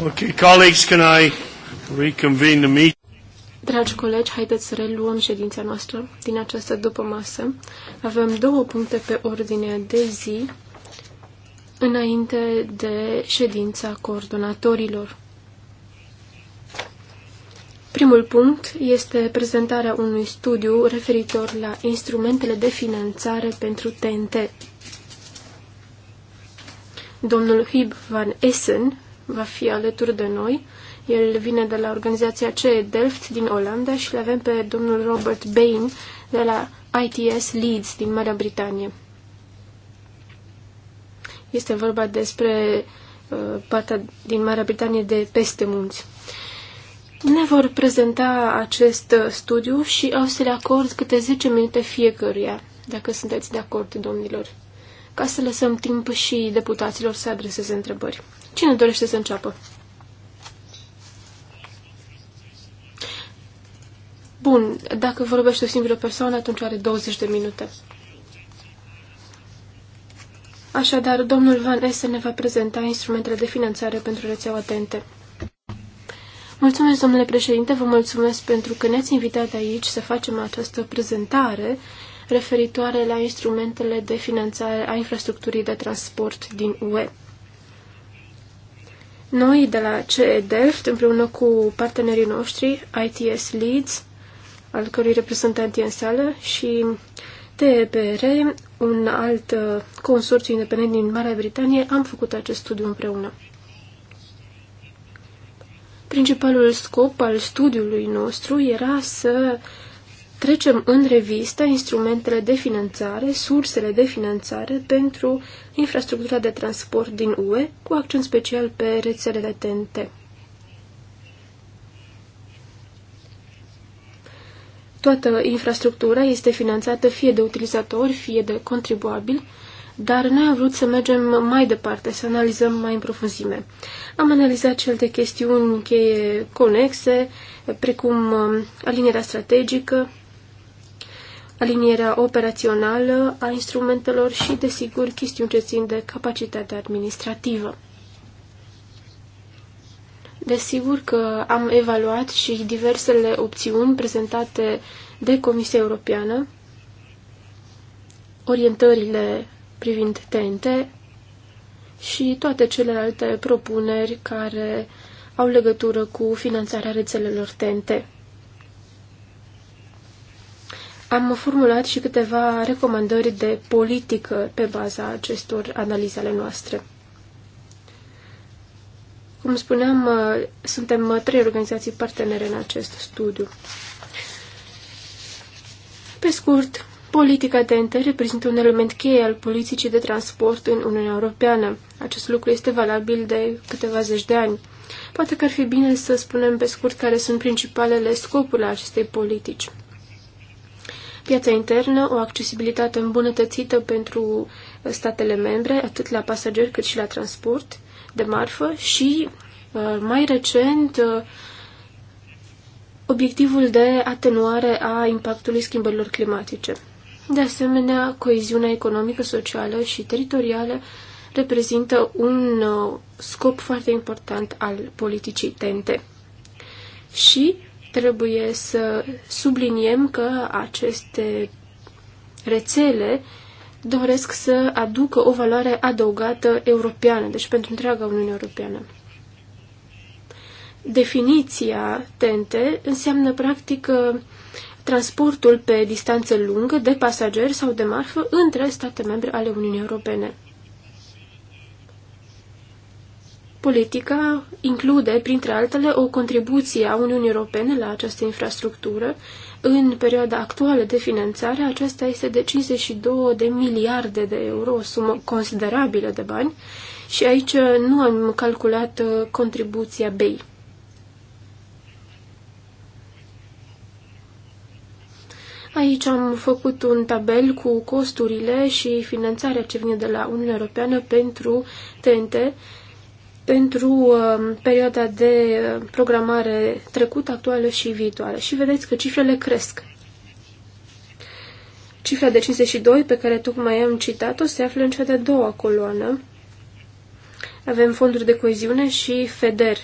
Okay, colleagues, can I reconvene the meeting? Dragi colegi, haideți să reluăm ședința noastră din această masă. Avem două puncte pe ordinea de zi înainte de ședința coordonatorilor. Primul punct este prezentarea unui studiu referitor la instrumentele de finanțare pentru TNT. Domnul Hib van Essen va fi alături de noi. El vine de la organizația CE Delft din Olanda și le avem pe domnul Robert Bain de la ITS Leeds din Marea Britanie. Este vorba despre uh, partea din Marea Britanie de peste munți. Ne vor prezenta acest uh, studiu și au să le acord câte 10 minute fiecăruia, dacă sunteți de acord, domnilor ca să lăsăm timp și deputaților să adreseze întrebări. Cine dorește să înceapă? Bun, dacă vorbește o singură persoană, atunci are 20 de minute. Așadar, domnul Van Essen ne va prezenta instrumentele de finanțare pentru rețeaua TNT. Mulțumesc, domnule președinte, vă mulțumesc pentru că ne-ați invitat aici să facem această prezentare referitoare la instrumentele de finanțare a infrastructurii de transport din UE. Noi de la CE Delft, împreună cu partenerii noștri, ITS Leeds, al cărui reprezentant e în sală, și TEPR, un alt uh, consorțiu independent din Marea Britanie, am făcut acest studiu împreună. Principalul scop al studiului nostru era să uh, trecem în revistă instrumentele de finanțare, sursele de finanțare pentru infrastructura de transport din UE, cu accent special pe rețelele TNT. Toată infrastructura este finanțată fie de utilizatori, fie de contribuabili, dar noi am vrut să mergem mai departe, să analizăm mai în profunzime. Am analizat cel de chestiuni cheie conexe, precum um, alinierea strategică, alinierea operațională a instrumentelor și, desigur, chestiuni ce țin de capacitatea administrativă. Desigur că am evaluat și diversele opțiuni prezentate de Comisia Europeană, orientările privind TNT și toate celelalte propuneri care au legătură cu finanțarea rețelelor TNT. Am formulat și câteva recomandări de politică pe baza acestor analize ale noastre. Cum spuneam, uh, suntem uh, trei organizații partenere în acest studiu. Pe scurt, politica TNT reprezintă un element cheie al politicii de transport în Uniunea Europeană. Acest lucru este valabil de câteva zeci de ani. Poate că ar fi bine să spunem pe scurt care sunt principalele scopuri ale acestei politici piața internă, o accesibilitate îmbunătățită pentru statele membre, atât la pasageri cât și la transport de marfă și, uh, mai recent, uh, obiectivul de atenuare a impactului schimbărilor climatice. De asemenea, coeziunea economică, socială și teritorială reprezintă un uh, scop foarte important al politicii tente. Și trebuie să subliniem că aceste rețele doresc să aducă o valoare adăugată europeană, deci pentru întreaga Uniune Europeană. Definiția TNT înseamnă practic uh, transportul pe distanță lungă de pasageri sau de marfă între state membre ale Uniunii Europene. Politica include, printre altele, o contribuție a Uniunii Europene la această infrastructură. În perioada actuală de finanțare, aceasta este de 52 de miliarde de euro, o sumă considerabilă de bani, și aici nu am calculat uh, contribuția BEI. Aici am făcut un tabel cu costurile și finanțarea ce vine de la Uniunea Europeană pentru TNT pentru uh, perioada de uh, programare trecută, actuală și viitoare. Și vedeți că cifrele cresc. Cifra de 52 pe care tocmai am citat-o se află în cea de-a doua coloană. Avem fonduri de coeziune și FEDER.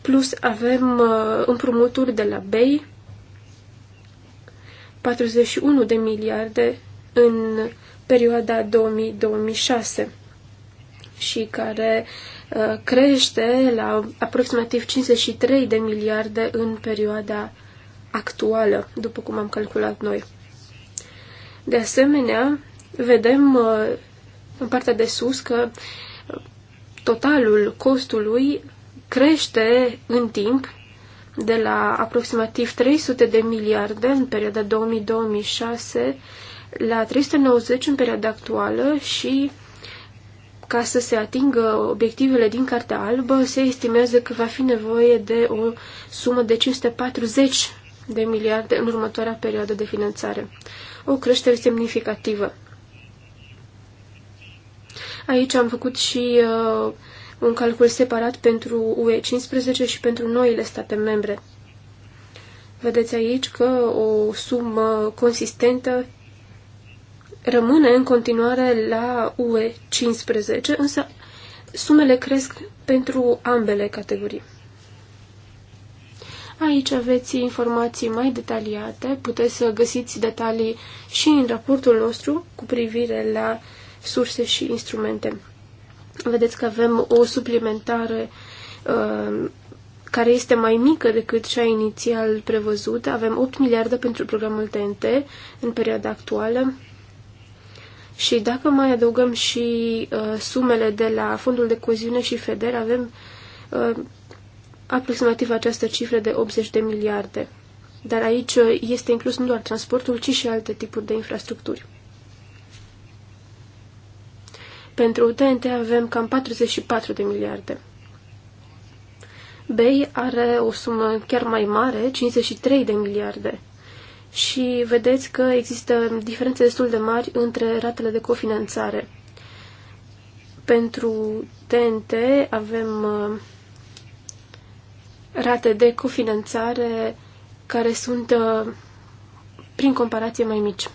Plus avem uh, împrumuturi de la BEI, 41 de miliarde în perioada 2000-2006 și care uh, crește la aproximativ 53 de miliarde în perioada actuală, după cum am calculat noi. De asemenea, vedem uh, în partea de sus că uh, totalul costului crește în timp de la aproximativ 300 de miliarde în perioada 2000-2006 la 390 în perioada actuală și ca să se atingă obiectivele din Cartea Albă, se estimează că va fi nevoie de o sumă de 540 de miliarde în următoarea perioadă de finanțare. O creștere semnificativă. Aici am făcut și uh, un calcul separat pentru UE15 și pentru noile state membre. Vedeți aici că o sumă consistentă rămâne în continuare la UE 15, însă sumele cresc pentru ambele categorii. Aici aveți informații mai detaliate, puteți să găsiți detalii și în raportul nostru cu privire la surse și instrumente. Vedeți că avem o suplimentare uh, care este mai mică decât cea inițial prevăzută. Avem 8 miliarde pentru programul TNT în perioada actuală, și dacă mai adăugăm și uh, sumele de la Fondul de Coziune și FEDER, avem uh, aproximativ această cifră de 80 de miliarde. Dar aici uh, este inclus nu doar transportul, ci și alte tipuri de infrastructuri. Pentru TNT avem cam 44 de miliarde. BEI are o sumă chiar mai mare, 53 de miliarde și vedeți că există diferențe destul de mari între ratele de cofinanțare. Pentru TNT avem uh, rate de cofinanțare care sunt uh, prin comparație mai mici.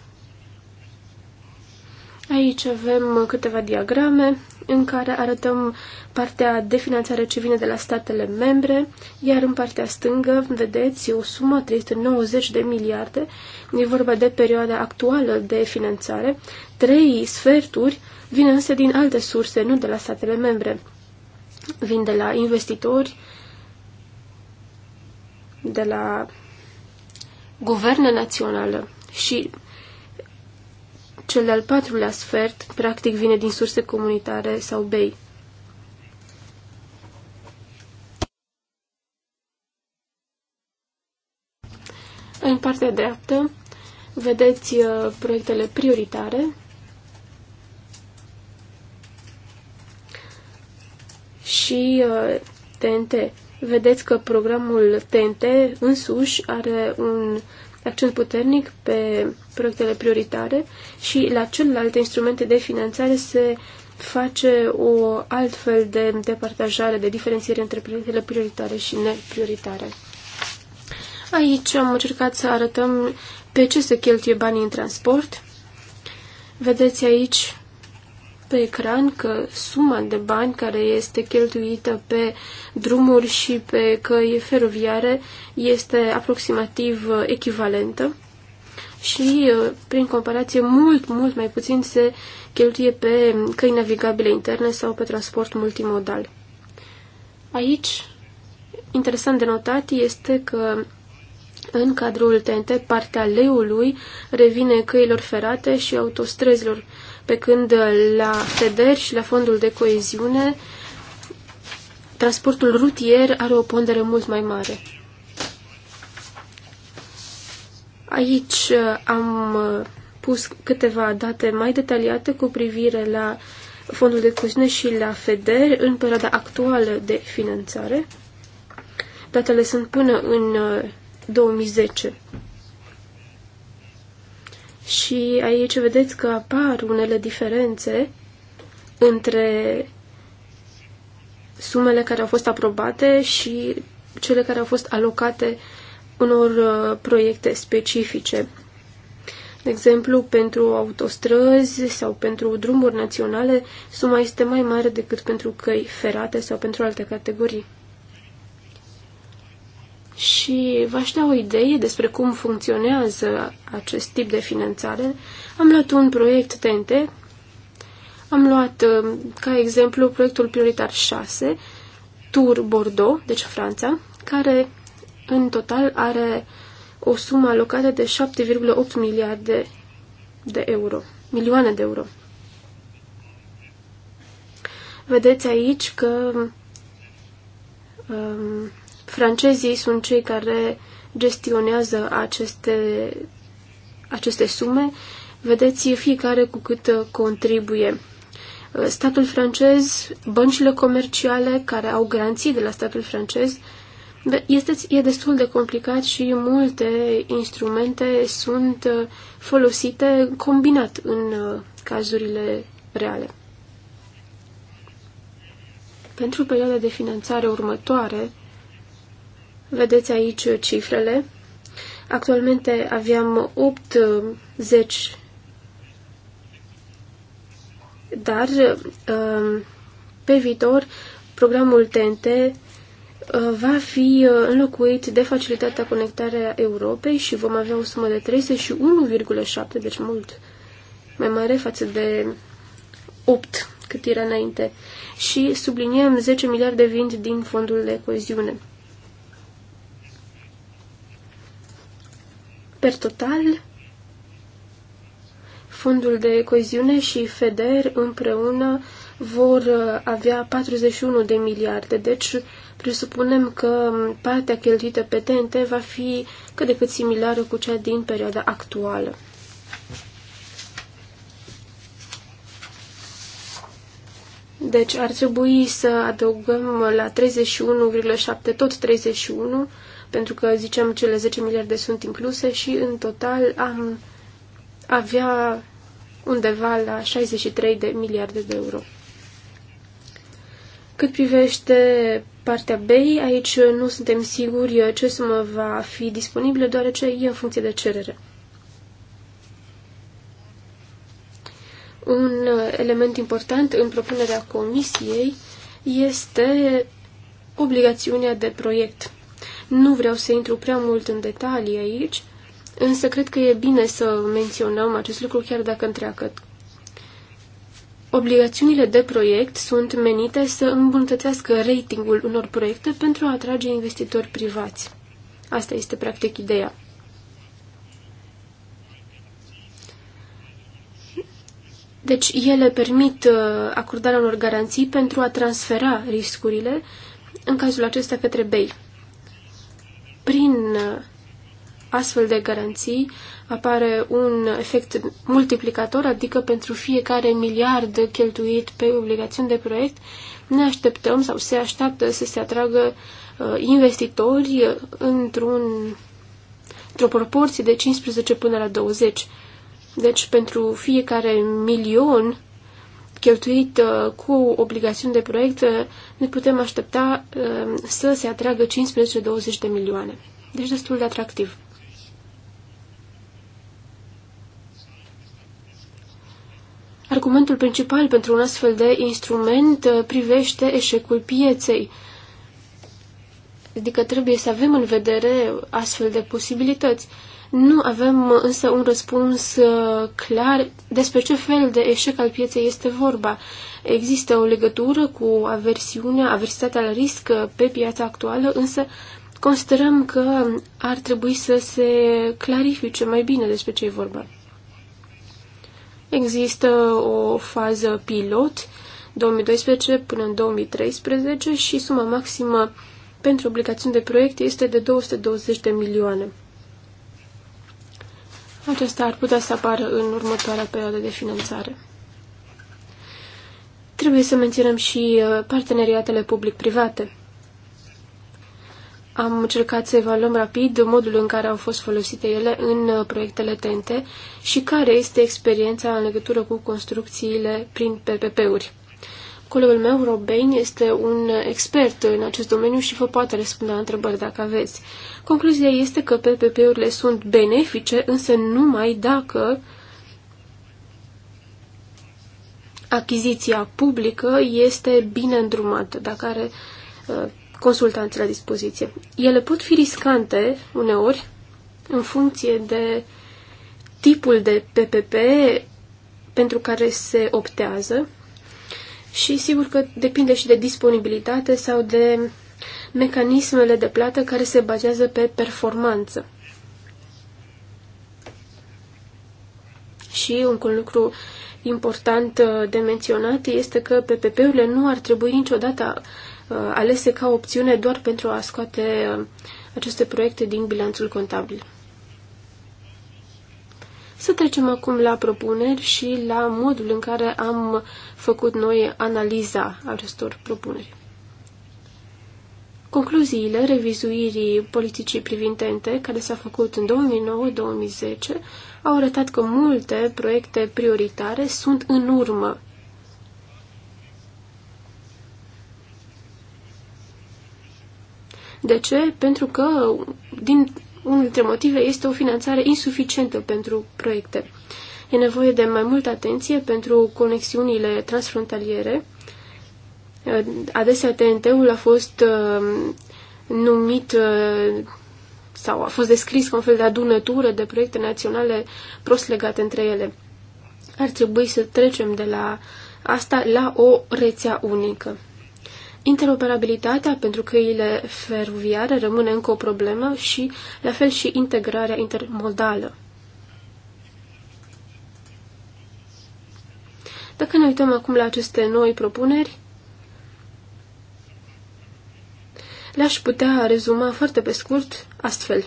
Aici avem câteva diagrame în care arătăm partea de finanțare ce vine de la statele membre, iar în partea stângă vedeți o sumă 390 de miliarde. E vorba de perioada actuală de finanțare. Trei sferturi vin însă din alte surse, nu de la statele membre. Vin de la investitori, de la guverne națională și cel de-al patrulea sfert, practic, vine din surse comunitare sau bei. În partea dreaptă vedeți uh, proiectele prioritare și TNT. Uh, vedeți că programul TNT însuși are un accent puternic pe proiectele prioritare și la celelalte instrumente de finanțare se face o altfel de departajare, de diferențiere între proiectele prioritare și neprioritare. Aici am încercat să arătăm pe ce se cheltuie banii în transport. Vedeți aici pe ecran că suma de bani care este cheltuită pe drumuri și pe căi feroviare este aproximativ uh, echivalentă și, uh, prin comparație, mult, mult mai puțin se cheltuie pe căi navigabile interne sau pe transport multimodal. Aici, interesant de notat este că în cadrul TNT, partea leului revine căilor ferate și autostrăzilor pe când uh, la FEDER și la Fondul de Coeziune transportul rutier are o pondere mult mai mare. Aici uh, am uh, pus câteva date mai detaliate cu privire la Fondul de Coeziune și la FEDER în perioada actuală de finanțare. Datele sunt până în 2010. Și aici vedeți că apar unele diferențe între sumele care au fost aprobate și cele care au fost alocate unor uh, proiecte specifice. De exemplu, pentru autostrăzi sau pentru drumuri naționale, suma este mai mare decât pentru căi ferate sau pentru alte categorii și v-aș da o idee despre cum funcționează acest tip de finanțare. Am luat un proiect TNT, am luat um, ca exemplu proiectul prioritar 6, Tour Bordeaux, deci Franța, care în total are o sumă alocată de 7,8 miliarde de euro, milioane de euro. Vedeți aici că um, Francezii sunt cei care gestionează aceste, aceste sume. Vedeți fiecare cu cât uh, contribuie. Uh, statul francez, băncile comerciale care au garanții de la statul francez, este, e destul de complicat și multe instrumente sunt uh, folosite combinat în cazurile reale. Pentru perioada de finanțare următoare, Vedeți aici cifrele. Actualmente aveam 80, dar um, pe viitor programul TNT uh, va fi uh, înlocuit de facilitatea conectarea Europei și vom avea o sumă de 31,7, deci mult mai mare față de 8 cât era înainte. Și subliniem 10 miliarde vint din fondul de coeziune. Per total, fondul de coeziune și FEDER împreună vor uh, avea 41 de miliarde, deci presupunem că um, partea cheltuită pe TNT va fi cât de cât similară cu cea din perioada actuală. Deci ar trebui să adăugăm la 31,7 tot 31 pentru că, zicem, cele 10 miliarde sunt incluse și, în total, am avea undeva la 63 de miliarde de euro. Cât privește partea B, aici nu suntem siguri ce sumă va fi disponibilă, deoarece e în funcție de cerere. Un element important în propunerea comisiei este obligațiunea de proiect. Nu vreau să intru prea mult în detalii aici, însă cred că e bine să menționăm acest lucru chiar dacă întreagă. Obligațiunile de proiect sunt menite să îmbunătățească ratingul unor proiecte pentru a atrage investitori privați. Asta este practic ideea. Deci ele permit uh, acordarea unor garanții pentru a transfera riscurile, în cazul acesta către BEI. Prin uh, astfel de garanții apare un efect multiplicator, adică pentru fiecare miliard cheltuit pe obligațiuni de proiect, ne așteptăm sau se așteaptă să se atragă uh, investitori uh, într-un, într-o proporție de 15 până la 20. Deci pentru fiecare milion cheltuit uh, cu obligațiuni de proiect, uh, ne putem aștepta uh, să se atragă 15-20 de milioane. Deci destul de atractiv. Argumentul principal pentru un astfel de instrument privește eșecul pieței. Adică trebuie să avem în vedere astfel de posibilități. Nu avem însă un răspuns uh, clar despre ce fel de eșec al pieței este vorba. Există o legătură cu aversiunea, aversitatea la risc uh, pe piața actuală, însă considerăm că ar trebui să se clarifice mai bine despre ce e vorba. Există o fază pilot 2012 până în 2013 și suma maximă pentru obligațiuni de proiect este de 220 de milioane. Acesta ar putea să apară în următoarea perioadă de finanțare. Trebuie să menținem și uh, parteneriatele public-private. Am încercat să evaluăm rapid modul în care au fost folosite ele în uh, proiectele TENTE și care este experiența în legătură cu construcțiile prin PPP-uri. Colegul meu, Bain, este un expert în acest domeniu și vă poate răspunde la întrebări dacă aveți. Concluzia este că PPP-urile sunt benefice, însă numai dacă achiziția publică este bine îndrumată, dacă are uh, consultanți la dispoziție. Ele pot fi riscante uneori în funcție de tipul de PPP pentru care se optează și sigur că depinde și de disponibilitate sau de mecanismele de plată care se bazează pe performanță. Și un lucru important uh, de menționat este că PPP-urile nu ar trebui niciodată uh, alese ca opțiune doar pentru a scoate uh, aceste proiecte din bilanțul contabil. Să trecem acum la propuneri și la modul în care am făcut noi analiza acestor propuneri. Concluziile revizuirii politicii privintente, care s-a făcut în 2009-2010, au arătat că multe proiecte prioritare sunt în urmă. De ce? Pentru că din unul dintre motive este o finanțare insuficientă pentru proiecte. E nevoie de mai multă atenție pentru conexiunile transfrontaliere. Adesea TNT-ul a fost uh, numit uh, sau a fost descris ca un fel de adunătură de proiecte naționale prost legate între ele. Ar trebui să trecem de la asta la o rețea unică. Interoperabilitatea pentru căile feroviare rămâne încă o problemă și, la fel, și integrarea intermodală. Dacă ne uităm acum la aceste noi propuneri, le-aș putea rezuma foarte pe scurt astfel.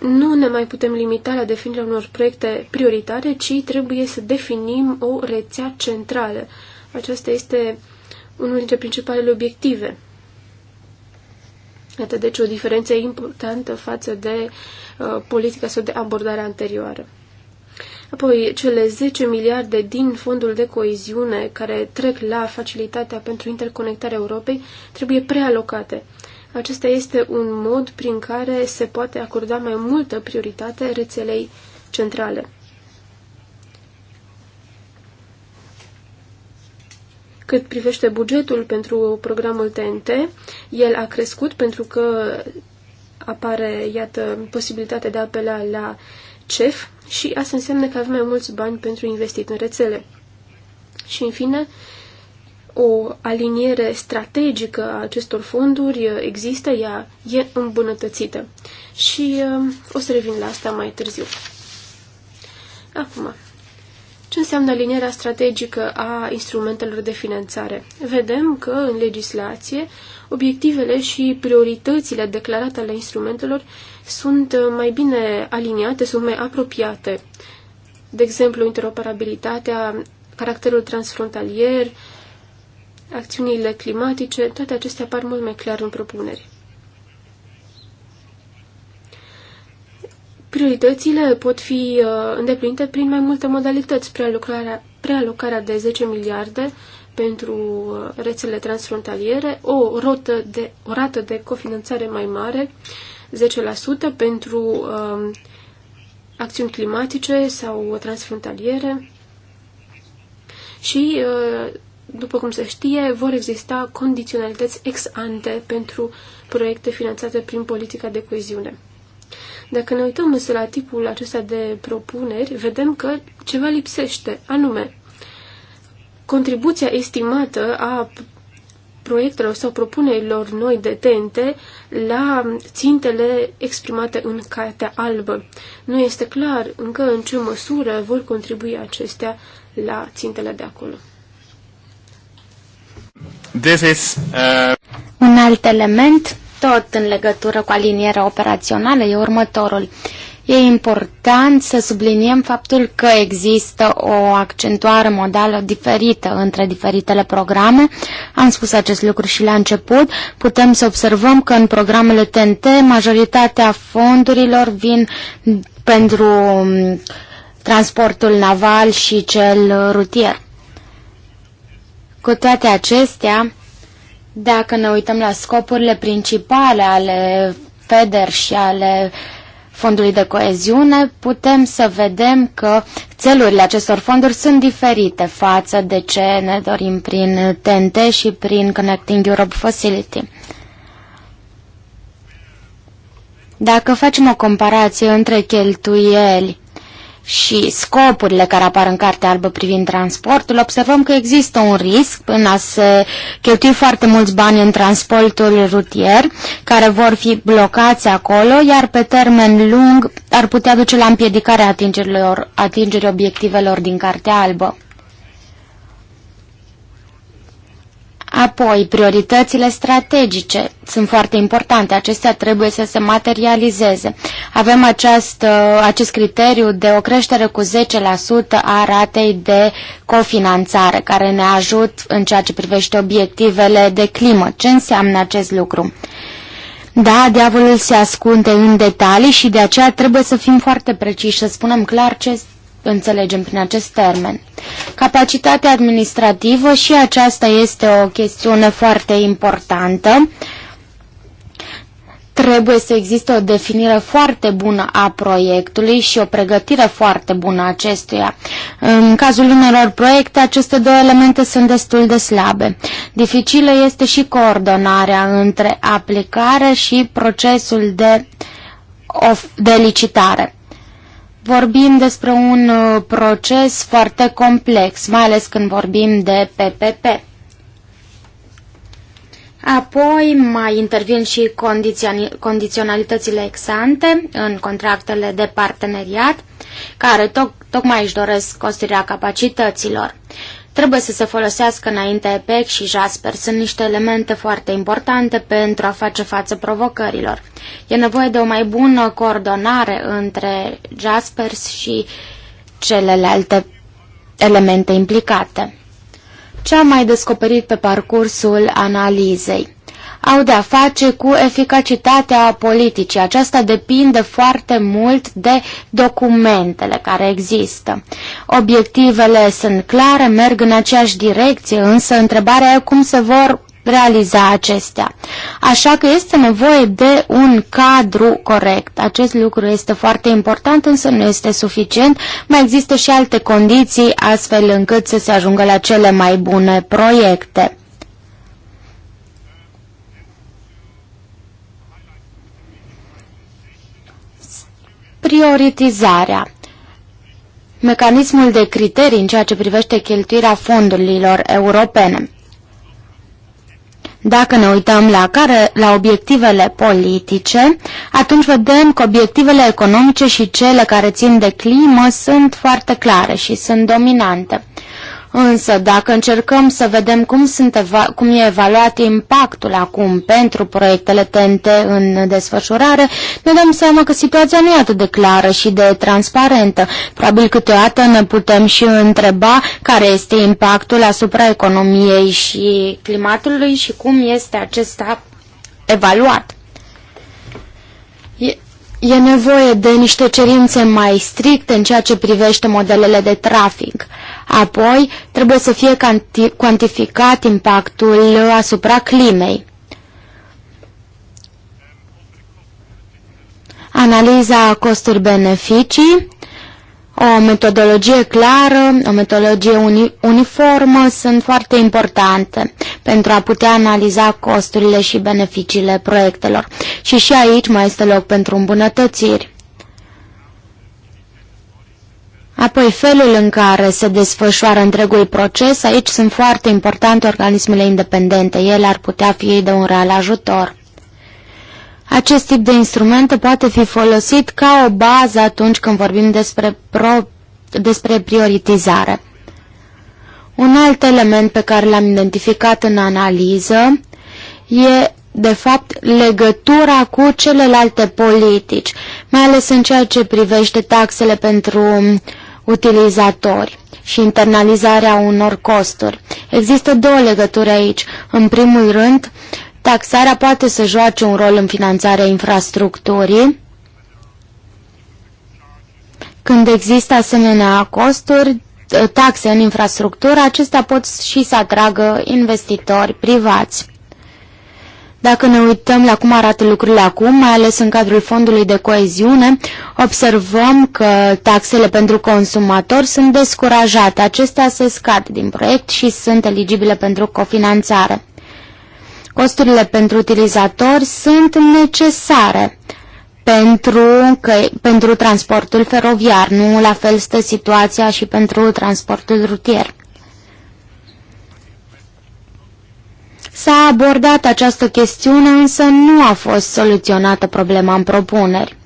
nu ne mai putem limita la definirea unor proiecte prioritare, ci trebuie să definim o rețea centrală. Aceasta este unul dintre principalele obiective. Iată, deci, o diferență importantă față de uh, politica sau de abordarea anterioară. Apoi, cele 10 miliarde din fondul de coeziune care trec la facilitatea pentru interconectarea Europei trebuie prealocate. Acesta este un mod prin care se poate acorda mai multă prioritate rețelei centrale. Cât privește bugetul pentru programul TNT, el a crescut pentru că apare, iată, posibilitatea de a apela la CEF și asta înseamnă că avem mai mulți bani pentru investit în rețele. Și, în fine, o aliniere strategică a acestor fonduri există, ea e îmbunătățită. Și um, o să revin la asta mai târziu. Acum, ce înseamnă alinierea strategică a instrumentelor de finanțare? Vedem că în legislație obiectivele și prioritățile declarate ale instrumentelor sunt uh, mai bine aliniate, sunt mai apropiate. De exemplu, interoperabilitatea, caracterul transfrontalier, acțiunile climatice, toate acestea apar mult mai clar în propuneri. Prioritățile pot fi uh, îndeplinite prin mai multe modalități, prealocarea, prealocarea de 10 miliarde pentru uh, rețele transfrontaliere, o, rotă de, o rată de cofinanțare mai mare, 10% pentru uh, acțiuni climatice sau transfrontaliere și uh, după cum se știe, vor exista condiționalități ex ante pentru proiecte finanțate prin politica de coeziune. Dacă ne uităm însă la tipul acesta de propuneri, vedem că ceva lipsește, anume contribuția estimată a proiectelor sau propunerilor noi de TNT la țintele exprimate în Cartea Albă. Nu este clar încă în ce măsură vor contribui acestea la țintele de acolo. This is, uh... Un alt element, tot în legătură cu alinierea operațională, e următorul. E important să subliniem faptul că există o accentuare modală diferită între diferitele programe. Am spus acest lucru și la început. Putem să observăm că în programele TNT majoritatea fondurilor vin pentru mm, transportul naval și cel rutier. Cu toate acestea, dacă ne uităm la scopurile principale ale FEDER și ale fondului de coeziune, putem să vedem că țelurile acestor fonduri sunt diferite față de ce ne dorim prin TNT și prin Connecting Europe Facility. Dacă facem o comparație între cheltuieli și scopurile care apar în Cartea Albă privind transportul, observăm că există un risc până a se cheltui foarte mulți bani în transportul rutier, care vor fi blocați acolo, iar pe termen lung ar putea duce la împiedicarea atingerilor, atingerii obiectivelor din Cartea Albă. Apoi, prioritățile strategice sunt foarte importante. Acestea trebuie să se materializeze. Avem acest acest criteriu de o creștere cu 10% a ratei de cofinanțare, care ne ajut în ceea ce privește obiectivele de climă. Ce înseamnă acest lucru? Da, diavolul se ascunde în detalii și de aceea trebuie să fim foarte preciși, să spunem clar ce înțelegem prin acest termen. Capacitatea administrativă și aceasta este o chestiune foarte importantă. Trebuie să existe o definire foarte bună a proiectului și o pregătire foarte bună a acestuia. În cazul unor proiecte, aceste două elemente sunt destul de slabe. Dificilă este și coordonarea între aplicare și procesul de, de licitare. Vorbim despre un uh, proces foarte complex, mai ales când vorbim de PPP. Apoi mai intervin și condiționalitățile exante în contractele de parteneriat, care toc, tocmai își doresc construirea capacităților. Trebuie să se folosească înainte EPEC și Jasper. Sunt niște elemente foarte importante pentru a face față provocărilor. E nevoie de o mai bună coordonare între Jasper și celelalte elemente implicate. Ce am mai descoperit pe parcursul analizei? Au de-a face cu eficacitatea politicii. Aceasta depinde foarte mult de documentele care există. Obiectivele sunt clare, merg în aceeași direcție, însă întrebarea e cum se vor realiza acestea. Așa că este nevoie de un cadru corect. Acest lucru este foarte important, însă nu este suficient. Mai există și alte condiții astfel încât să se ajungă la cele mai bune proiecte. Prioritizarea mecanismul de criterii în ceea ce privește cheltuirea fondurilor europene. Dacă ne uităm la, care, la obiectivele politice, atunci vedem că obiectivele economice și cele care țin de climă sunt foarte clare și sunt dominante. Însă, dacă încercăm să vedem cum, sunt eva- cum e evaluat impactul acum pentru proiectele TNT în desfășurare, ne dăm seama că situația nu e atât de clară și de transparentă. Probabil câteodată ne putem și întreba care este impactul asupra economiei și climatului și cum este acesta evaluat. E E nevoie de niște cerințe mai stricte în ceea ce privește modelele de trafic. Apoi, trebuie să fie cuantificat impactul asupra climei. Analiza costuri-beneficii, o metodologie clară, o metodologie uni uniformă sunt foarte importante pentru a putea analiza costurile și beneficiile proiectelor. Și și aici mai este loc pentru îmbunătățiri. Apoi felul în care se desfășoară întregul proces, aici sunt foarte importante organismele independente, ele ar putea fi de un real ajutor. Acest tip de instrumente poate fi folosit ca o bază atunci când vorbim despre, pro, despre prioritizare. Un alt element pe care l-am identificat în analiză e, de fapt, legătura cu celelalte politici, mai ales în ceea ce privește taxele pentru utilizatori și internalizarea unor costuri. Există două legături aici. În primul rând, taxarea poate să joace un rol în finanțarea infrastructurii, când există asemenea costuri, taxe în infrastructură, acestea pot și să atragă investitori privați. Dacă ne uităm la cum arată lucrurile acum, mai ales în cadrul fondului de coeziune, observăm că taxele pentru consumatori sunt descurajate. Acestea se scad din proiect și sunt eligibile pentru cofinanțare. Costurile pentru utilizatori sunt necesare pentru, că, pentru transportul feroviar. Nu la fel stă situația și pentru transportul rutier. S-a abordat această chestiune, însă nu a fost soluționată problema în propuneri.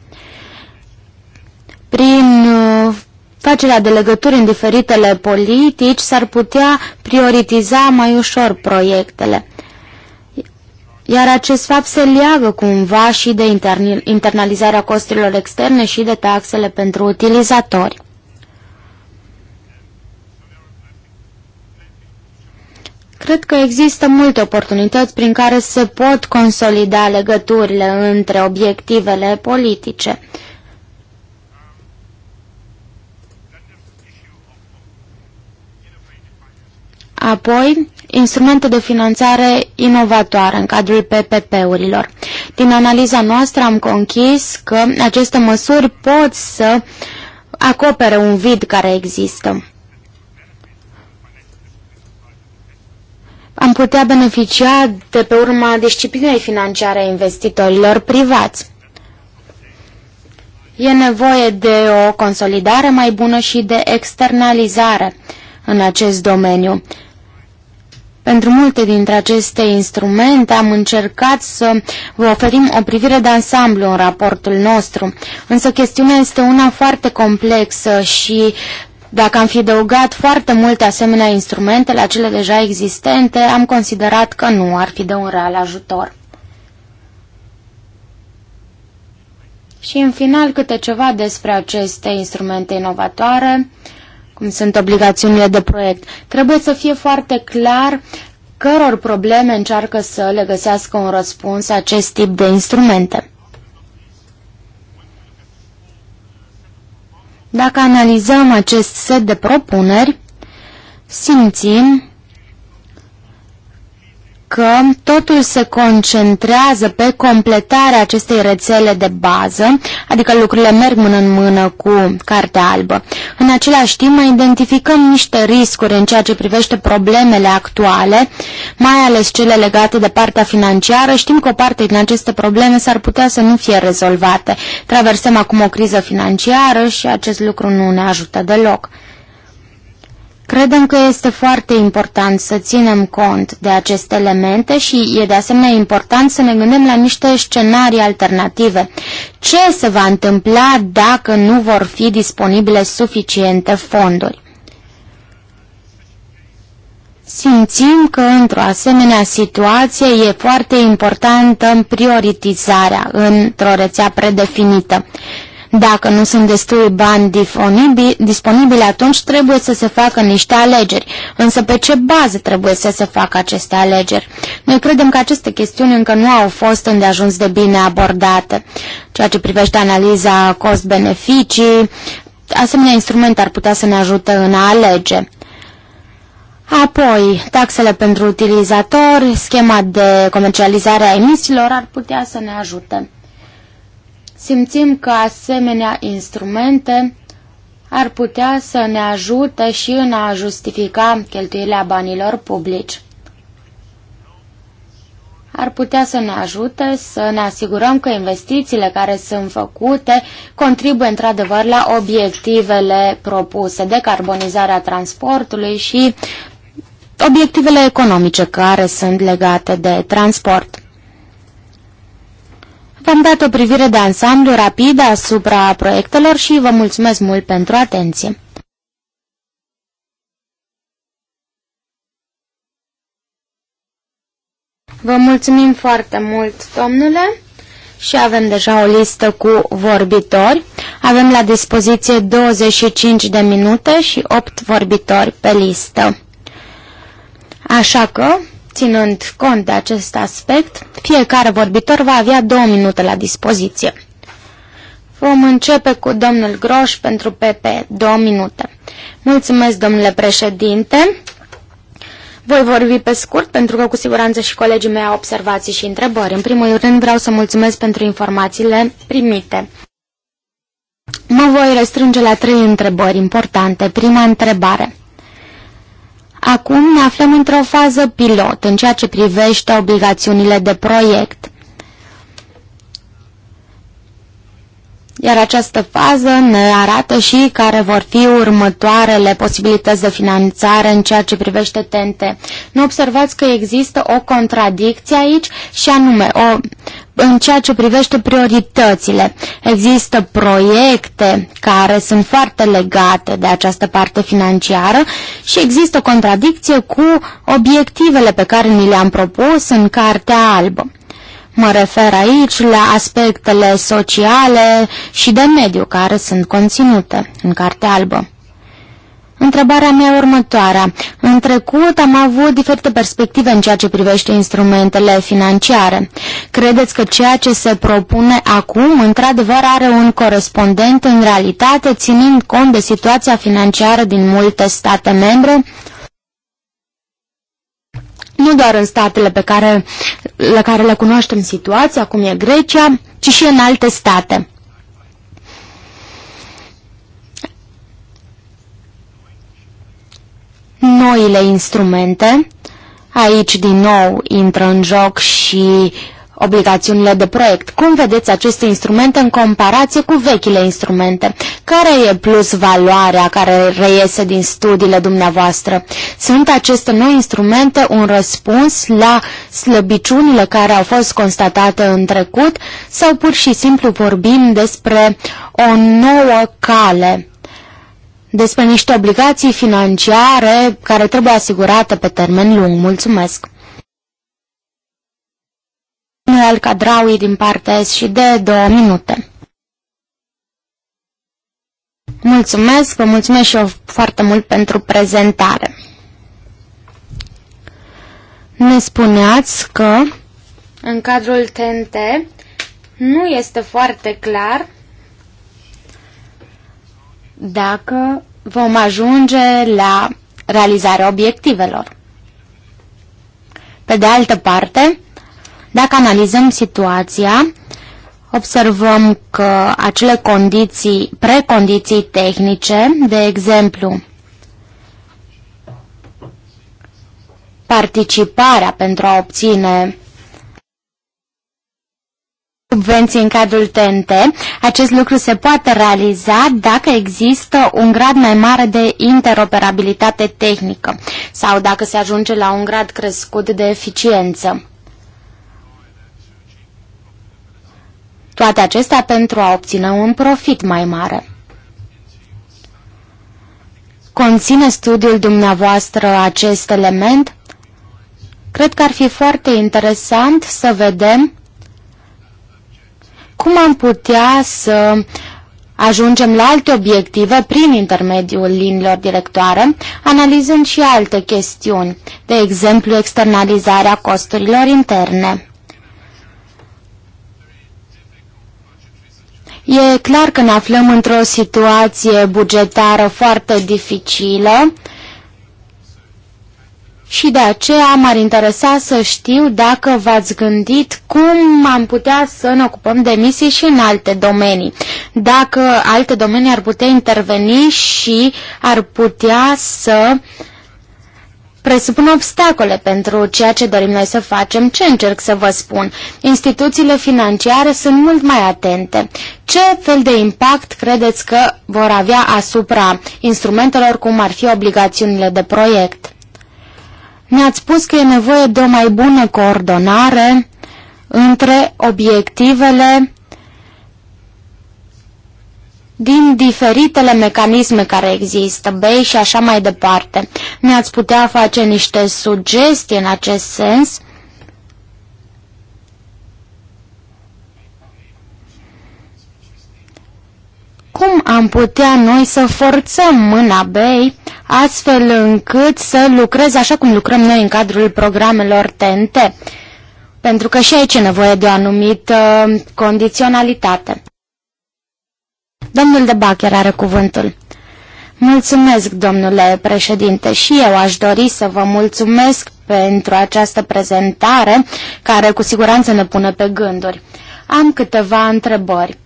Prin uh, facerea de legături în diferitele politici s-ar putea prioritiza mai ușor proiectele. Iar acest fapt se leagă cumva și de internalizarea costurilor externe și de taxele pentru utilizatori. Cred că există multe oportunități prin care se pot consolida legăturile între obiectivele politice. Apoi, instrumente de finanțare inovatoare în cadrul PPP-urilor. Din analiza noastră am conchis că aceste măsuri pot să acopere un vid care există. am putea beneficia de pe urma disciplinei financiare a investitorilor privați. E nevoie de o consolidare mai bună și de externalizare în acest domeniu. Pentru multe dintre aceste instrumente am încercat să vă oferim o privire de ansamblu în raportul nostru, însă chestiunea este una foarte complexă și dacă am fi adăugat foarte multe asemenea instrumente la cele deja existente, am considerat că nu ar fi de un real ajutor. Și în final câte ceva despre aceste instrumente inovatoare, cum sunt obligațiunile de proiect. Trebuie să fie foarte clar căror probleme încearcă să le găsească un răspuns acest tip de instrumente. Dacă analizăm acest set de propuneri, simțim că totul se concentrează pe completarea acestei rețele de bază, adică lucrurile merg mână în mână cu Cartea Albă. În același timp, mai identificăm niște riscuri în ceea ce privește problemele actuale, mai ales cele legate de partea financiară. Știm că o parte din aceste probleme s-ar putea să nu fie rezolvate. Traversăm acum o criză financiară și acest lucru nu ne ajută deloc. Credem că este foarte important să ținem cont de aceste elemente și e de asemenea important să ne gândim la niște scenarii alternative. Ce se va întâmpla dacă nu vor fi disponibile suficiente fonduri? Simțim că într-o asemenea situație e foarte importantă prioritizarea într-o rețea predefinită. Dacă nu sunt destui bani disponibili, atunci trebuie să se facă niște alegeri. Însă pe ce bază trebuie să se facă aceste alegeri? Noi credem că aceste chestiuni încă nu au fost îndeajuns de bine abordate. Ceea ce privește analiza cost-beneficii, asemenea instrument ar putea să ne ajute în a alege. Apoi, taxele pentru utilizatori, schema de comercializare a emisiilor ar putea să ne ajute. Simțim că asemenea instrumente ar putea să ne ajute și în a justifica cheltuielea banilor publici. Ar putea să ne ajute să ne asigurăm că investițiile care sunt făcute contribuie într-adevăr la obiectivele propuse, de carbonizarea transportului și obiectivele economice care sunt legate de transport. V-am dat o privire de ansamblu rapid asupra proiectelor și vă mulțumesc mult pentru atenție. Vă mulțumim foarte mult, domnule, și avem deja o listă cu vorbitori. Avem la dispoziție 25 de minute și 8 vorbitori pe listă. Așa că Ținând cont de acest aspect, fiecare vorbitor va avea două minute la dispoziție. Vom începe cu domnul Groș pentru PP, două minute. Mulțumesc, domnule președinte. Voi vorbi pe scurt, pentru că cu siguranță și colegii mei au observații și întrebări. În primul rând vreau să mulțumesc pentru informațiile primite. Mă voi restrânge la trei întrebări importante. Prima întrebare. Acum ne aflăm într-o fază pilot în ceea ce privește obligațiunile de proiect. Iar această fază ne arată și care vor fi următoarele posibilități de finanțare în ceea ce privește TNT. Nu observați că există o contradicție aici și anume o, în ceea ce privește prioritățile. Există proiecte care sunt foarte legate de această parte financiară și există o contradicție cu obiectivele pe care ni le-am propus în Cartea Albă. Mă refer aici la aspectele sociale și de mediu care sunt conținute în Cartea Albă. Întrebarea mea următoarea. În trecut am avut diferite perspective în ceea ce privește instrumentele financiare. Credeți că ceea ce se propune acum, într-adevăr, are un corespondent în realitate, ținând cont de situația financiară din multe state membre? nu doar în statele pe care, la care le cunoaștem situația, cum e Grecia, ci și în alte state. Noile instrumente, aici din nou intră în joc și obligațiunile de proiect. Cum vedeți aceste instrumente în comparație cu vechile instrumente? Care e plus valoarea care reiese din studiile dumneavoastră? Sunt aceste noi instrumente un răspuns la slăbiciunile care au fost constatate în trecut sau pur și simplu vorbim despre o nouă cale? despre niște obligații financiare care trebuie asigurate pe termen lung. Mulțumesc! Domnul cadraui din partea și de două minute. Mulțumesc, vă mulțumesc și eu foarte mult pentru prezentare. Ne spuneați că în cadrul TNT nu este foarte clar dacă vom ajunge la realizarea obiectivelor. Pe de altă parte, dacă analizăm situația, observăm că acele condiții, precondiții tehnice, de exemplu, participarea pentru a obține subvenții în cadrul TNT, acest lucru se poate realiza dacă există un grad mai mare de interoperabilitate tehnică sau dacă se ajunge la un grad crescut de eficiență. Toate acestea pentru a obține un profit mai mare. Conține studiul dumneavoastră acest element? Cred că ar fi foarte interesant să vedem cum am putea să ajungem la alte obiective prin intermediul linilor directoare, analizând și alte chestiuni, de exemplu externalizarea costurilor interne. E clar că ne aflăm într-o situație bugetară foarte dificilă și de aceea m-ar interesa să știu dacă v-ați gândit cum am putea să ne ocupăm de misii și în alte domenii. Dacă alte domenii ar putea interveni și ar putea să uh, presupun obstacole pentru ceea ce dorim noi să facem. Ce încerc să vă spun? Instituțiile financiare sunt mult mai atente. Ce fel de impact credeți că vor avea asupra instrumentelor cum ar fi obligațiunile de proiect? Ne-ați spus că e nevoie de o mai bună coordonare între obiectivele din diferitele mecanisme care există, BEI și așa mai departe. Ne-ați putea face niște sugestii în acest sens? Cum am putea noi să forțăm mâna BEI astfel încât să lucreze așa cum lucrăm noi în cadrul programelor TNT? Pentru că și aici e nevoie de o anumită condiționalitate. Domnul de Bacher are cuvântul. Mulțumesc, domnule președinte, și eu aș dori să vă mulțumesc pentru această prezentare, care cu siguranță ne pune pe gânduri. Am câteva întrebări.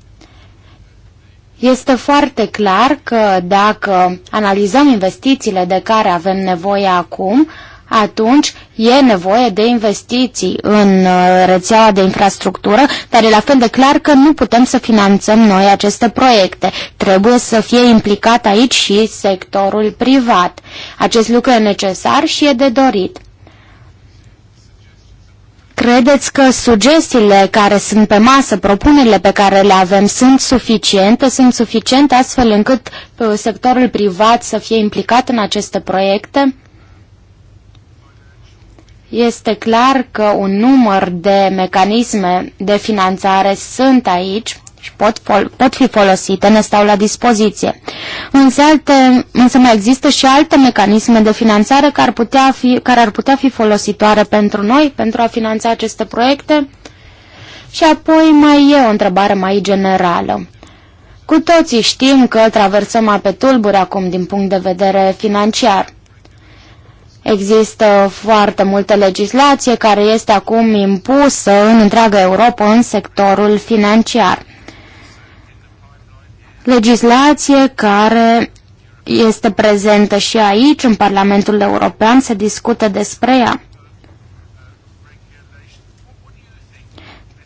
Este foarte clar că dacă analizăm investițiile de care avem nevoie acum, atunci e nevoie de investiții în uh, rețeaua de infrastructură, dar e la fel de clar că nu putem să finanțăm noi aceste proiecte. Trebuie să fie implicat aici și sectorul privat. Acest lucru e necesar și e de dorit. Credeți că sugestiile care sunt pe masă, propunerile pe care le avem, sunt suficiente, sunt suficiente astfel încât uh, sectorul privat să fie implicat în aceste proiecte? Este clar că un număr de mecanisme de finanțare sunt aici și pot, fol pot fi folosite, ne stau la dispoziție. Însă, alte, însă mai există și alte mecanisme de finanțare care ar, putea fi, care ar putea fi folositoare pentru noi, pentru a finanța aceste proiecte. Și apoi mai e o întrebare mai generală. Cu toții știm că traversăm apetulburi acum din punct de vedere financiar. Există foarte multă legislație care este acum impusă în întreaga Europa în sectorul financiar. Legislație care este prezentă și aici, în Parlamentul European, se discută despre ea.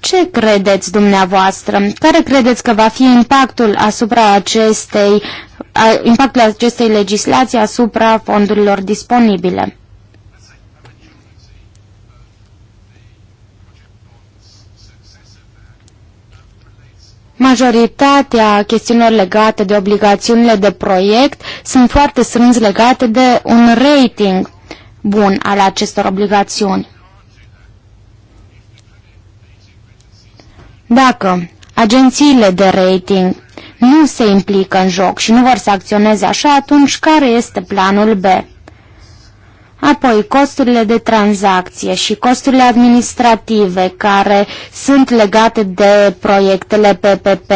Ce credeți dumneavoastră? Care credeți că va fi impactul asupra acestei, impactul acestei legislații asupra fondurilor disponibile? Majoritatea chestiunilor legate de obligațiunile de proiect sunt foarte strâns legate de un rating bun al acestor obligațiuni. Dacă agențiile de rating nu se implică în joc și nu vor să acționeze așa, atunci care este planul B? Apoi, costurile de tranzacție și costurile administrative care sunt legate de proiectele PPP.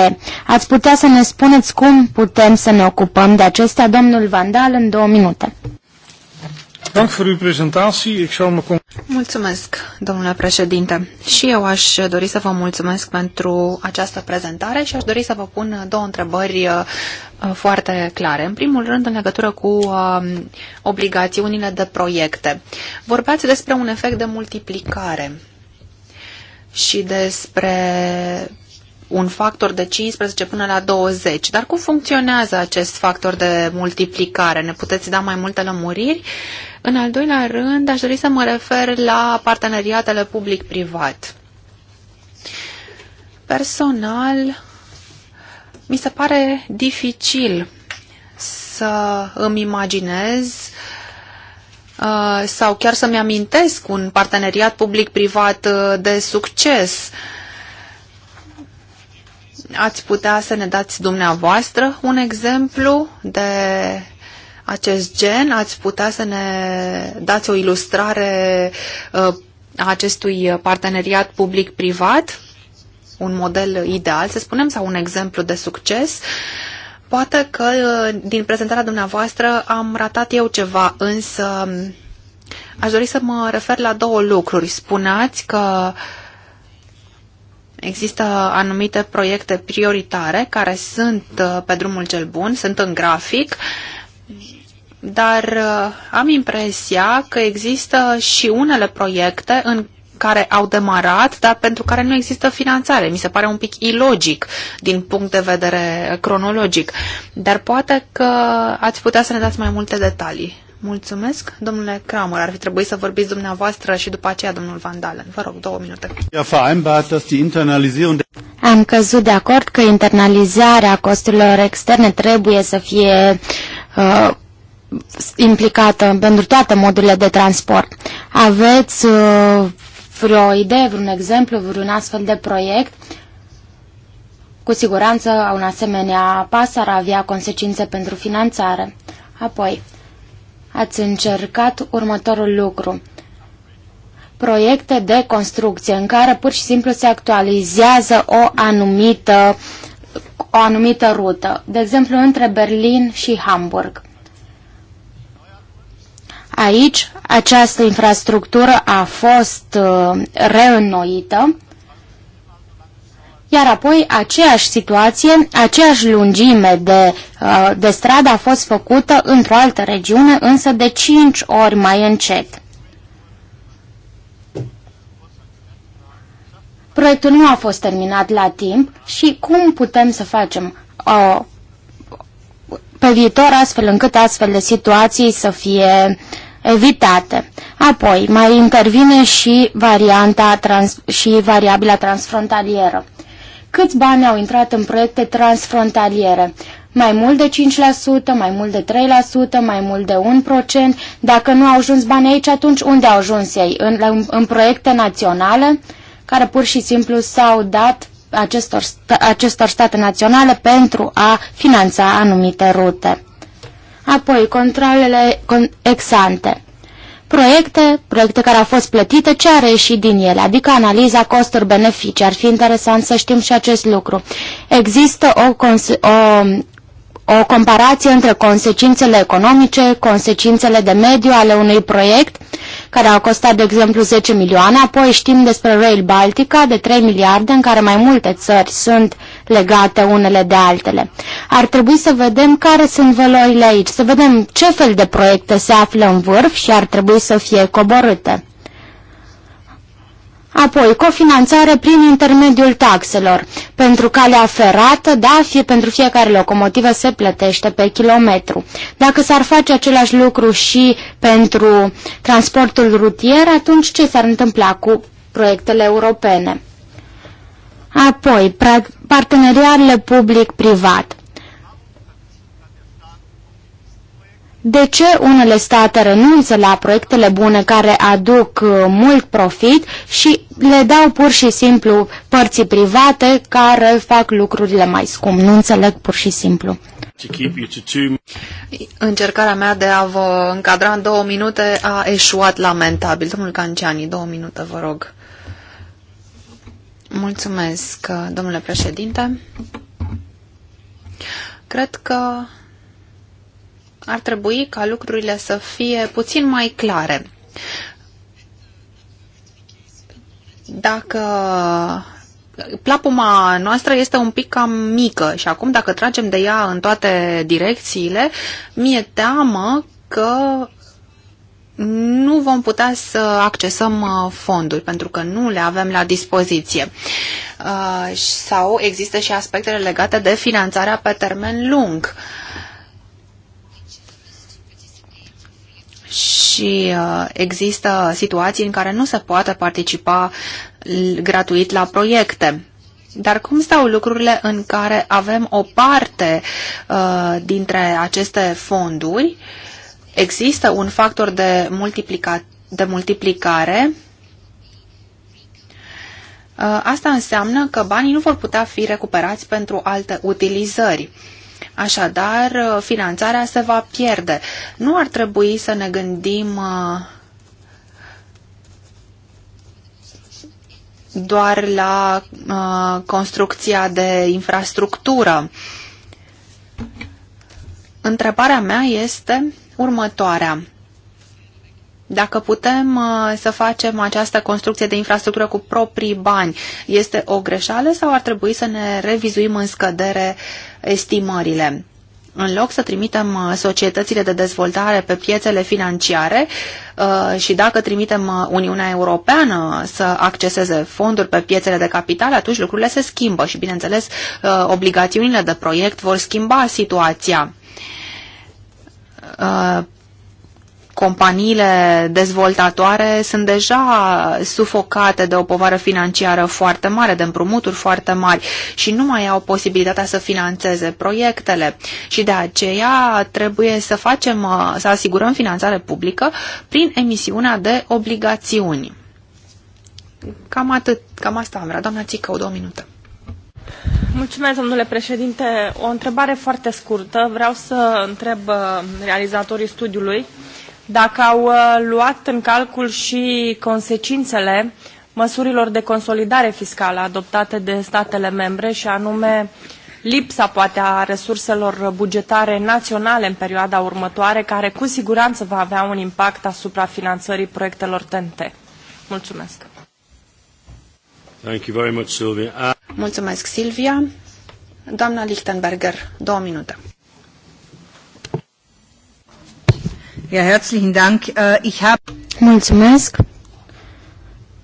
Ați putea să ne spuneți cum putem să ne ocupăm de acestea, domnul Vandal, în două minute. Dank voor uw presentatie. Ik zal me... Mulțumesc, domnule președinte. Și eu aș dori să vă mulțumesc pentru această prezentare și aș dori să vă pun două întrebări uh, foarte clare. În primul rând, în legătură cu uh, obligațiunile de proiecte. Vorbeați despre un efect de multiplicare și despre un factor de 15 până la 20. Dar cum funcționează acest factor de multiplicare? Ne puteți da mai multe lămuriri? În al doilea rând, aș dori să mă refer la parteneriatele public-privat. Personal, mi se pare dificil să îmi imaginez uh, sau chiar să-mi amintesc un parteneriat public-privat uh, de succes ați putea să ne dați dumneavoastră un exemplu de acest gen? Ați putea să ne dați o ilustrare uh, a acestui parteneriat public-privat? Un model ideal, să spunem, sau un exemplu de succes? Poate că uh, din prezentarea dumneavoastră am ratat eu ceva, însă um, aș dori să mă refer la două lucruri. Spuneați că uh, Există anumite proiecte prioritare care sunt uh, pe drumul cel bun, sunt în grafic, dar uh, am impresia că există și unele proiecte în care au demarat, dar pentru care nu există finanțare. Mi se pare un pic ilogic din punct de vedere cronologic. Dar poate că ați putea să ne dați mai multe detalii. Mulțumesc. Domnule Kramer, ar fi trebuit să vorbiți dumneavoastră și după aceea domnul Van Dalen. Vă rog, două minute. Am căzut de acord că internalizarea costurilor externe trebuie să fie uh, implicată pentru toate modurile de transport. Aveți uh, vreo idee, vreun exemplu, vreun astfel de proiect? Cu siguranță, un asemenea pas ar avea consecințe pentru finanțare. Apoi, ați încercat următorul lucru. Proiecte de construcție în care pur și simplu se actualizează o anumită, o anumită rută, de exemplu între Berlin și Hamburg. Aici, această infrastructură a fost uh, reînnoită iar apoi aceeași situație, aceeași lungime de, uh, de stradă a fost făcută într-o altă regiune, însă de 5 ori mai încet. Proiectul nu a fost terminat la timp și cum putem să facem uh, pe viitor astfel încât astfel de situații să fie evitate. Apoi mai intervine și varianta trans, și variabila transfrontalieră câți bani au intrat în proiecte transfrontaliere. Mai mult de 5%, mai mult de 3%, mai mult de 1%. Dacă nu au ajuns banii aici, atunci unde au ajuns ei? În, în, în proiecte naționale, care pur și simplu s-au dat acestor, acestor state naționale pentru a finanța anumite rute. Apoi, controlele ex ante proiecte, proiecte care au fost plătite, ce a reieșit din ele, adică analiza costuri-beneficii. Ar fi interesant să știm și acest lucru. Există o, o, o comparație între consecințele economice, consecințele de mediu ale unui proiect, care au costat, de exemplu, 10 milioane, apoi știm despre Rail Baltica de 3 miliarde, în care mai multe țări sunt uh, legate unele de altele. Ar trebui să vedem care sunt valorile aici, să vedem ce fel de proiecte se află în vârf și ar trebui să fie coborâte. Apoi, cofinanțare prin intermediul taxelor. Pentru calea ferată, da, fie pentru fiecare locomotivă se plătește pe kilometru. Dacă s-ar face același lucru și pentru transportul rutier, atunci ce s-ar întâmpla cu proiectele europene? Apoi, parteneriatele public-privat. De ce unele state renunță la proiectele bune care aduc uh, mult profit și le dau pur și simplu părții private care fac lucrurile mai scump? Nu înțeleg pur și simplu. Încercarea mea de a vă încadra în două minute a eșuat lamentabil. Domnul Canciani, două minute, vă rog. Mulțumesc, domnule președinte. Cred că ar trebui ca lucrurile să fie puțin mai clare. Dacă plapuma noastră este un pic cam mică și acum dacă tragem de ea în toate direcțiile, mi-e teamă că nu vom putea să accesăm uh, fonduri pentru că nu le avem la dispoziție. Uh, sau există și aspectele legate de finanțarea pe termen lung. Și uh, există situații în care nu se poate participa gratuit la proiecte. Dar cum stau lucrurile în care avem o parte uh, dintre aceste fonduri uh, Există un factor de, multiplica, de multiplicare. Uh, asta înseamnă că banii nu vor putea fi recuperați pentru alte utilizări. Așadar, uh, finanțarea se va pierde. Nu ar trebui să ne gândim uh, doar la construcția de infrastructură. Întrebarea mea este următoarea. Dacă putem uh, să facem această construcție de infrastructură cu proprii bani, este o greșeală sau ar trebui să ne revizuim în scădere estimările? În loc să trimitem uh, societățile de dezvoltare pe piețele financiare uh, și dacă trimitem Uniunea Europeană să acceseze fonduri pe piețele de capital, atunci lucrurile se schimbă și, bineînțeles, obligațiunile de proiect vor schimba situația. Uh, companiile dezvoltatoare sunt deja sufocate de o povară financiară foarte mare, de împrumuturi foarte mari și nu mai au posibilitatea să financeze proiectele. Și de aceea trebuie să facem, uh, să asigurăm finanțare publică prin emisiunea de obligațiuni. Cam atât, cam asta am vrea. Doamna o două minute. Mulțumesc, domnule președinte. O întrebare foarte scurtă. Vreau să întreb uh, realizatorii studiului dacă au uh, luat în calcul și consecințele măsurilor de consolidare fiscală adoptate de statele membre și anume lipsa poate a resurselor bugetare naționale în perioada următoare, care cu siguranță va avea un impact asupra finanțării proiectelor TNT. Mulțumesc. Thank you very much, Sylvia. Mulțumesc, Silvia. Doamna Lichtenberger, două minute. Ja, herzlichen Dank. Äh, ich hab... Mulțumesc.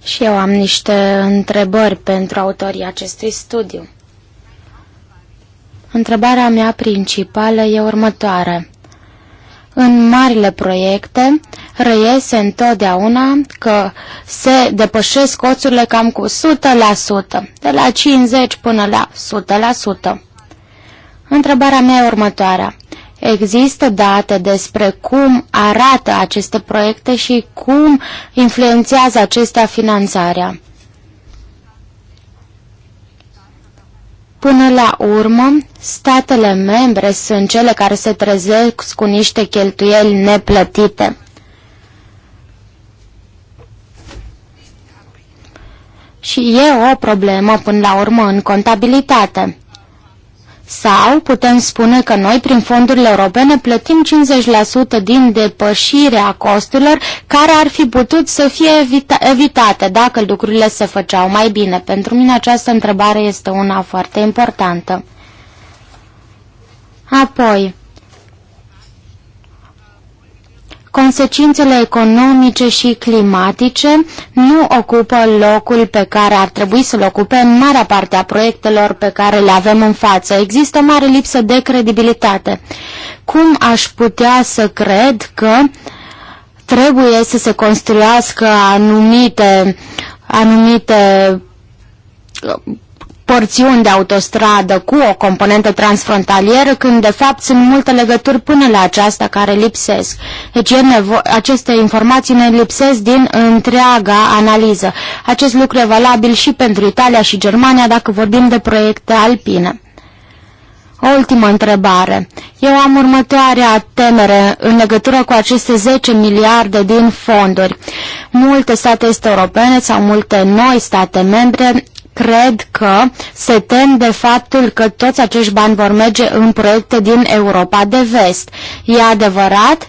Și eu am niște întrebări pentru autorii acestui studiu. Întrebarea mea principală e următoare. În marile proiecte reiese întotdeauna că se depășesc coțurile cam cu 100%, de la 50 până la 100%. Întrebarea mea e următoarea. Există date despre cum arată aceste proiecte și cum influențează acestea finanțarea? Până la urmă, statele membre sunt cele care se trezesc cu niște cheltuieli neplătite. Și e o problemă până la urmă în contabilitate. Sau putem spune că noi, prin fondurile europene, plătim 50% din depășirea costurilor care ar fi putut să fie evita evitate dacă lucrurile se făceau mai bine. Pentru mine această întrebare este una foarte importantă. Apoi, consecințele economice și climatice nu ocupă locul pe care ar trebui să-l ocupe în marea parte a proiectelor pe care le avem în față. Există o mare lipsă de credibilitate. Cum aș putea să cred că trebuie să se construiască anumite, anumite porțiuni de autostradă cu o componentă transfrontalieră, când de fapt sunt multe legături până la aceasta care lipsesc. Deci aceste informații ne lipsesc din întreaga analiză. Acest lucru e valabil și pentru Italia și Germania dacă vorbim de proiecte alpine. O ultimă întrebare. Eu am următoarea temere în legătură cu aceste 10 miliarde din fonduri. Multe state este europene sau multe noi state membre cred că se tem de faptul că toți acești bani vor merge în proiecte din Europa de Vest. E adevărat,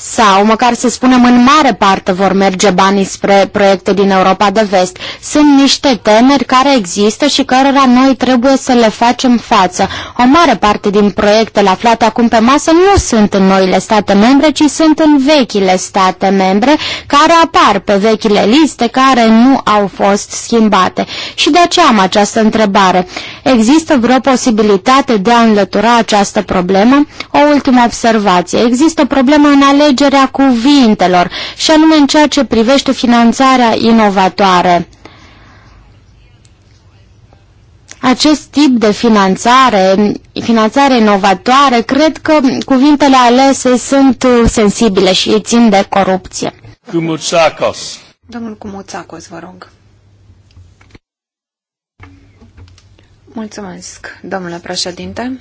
sau măcar să spunem în mare parte vor merge banii spre proiecte din Europa de Vest. Sunt niște temeri care există și cărora noi trebuie să le facem față. O mare parte din proiectele aflate acum pe masă nu sunt în noile state membre, ci sunt în vechile state membre care apar pe vechile liste care nu au fost schimbate. Și de aceea am această întrebare. Există vreo posibilitate de a înlătura această problemă? O ultimă observație. Există o problemă în ale alegerea cuvintelor și anume în ceea ce privește finanțarea inovatoare. Acest tip de finanțare, finanțare inovatoare, cred că cuvintele alese sunt uh, sensibile și țin de corupție. Cumuțacos. Domnul Cumuțacos, vă rog. Mulțumesc, domnule președinte.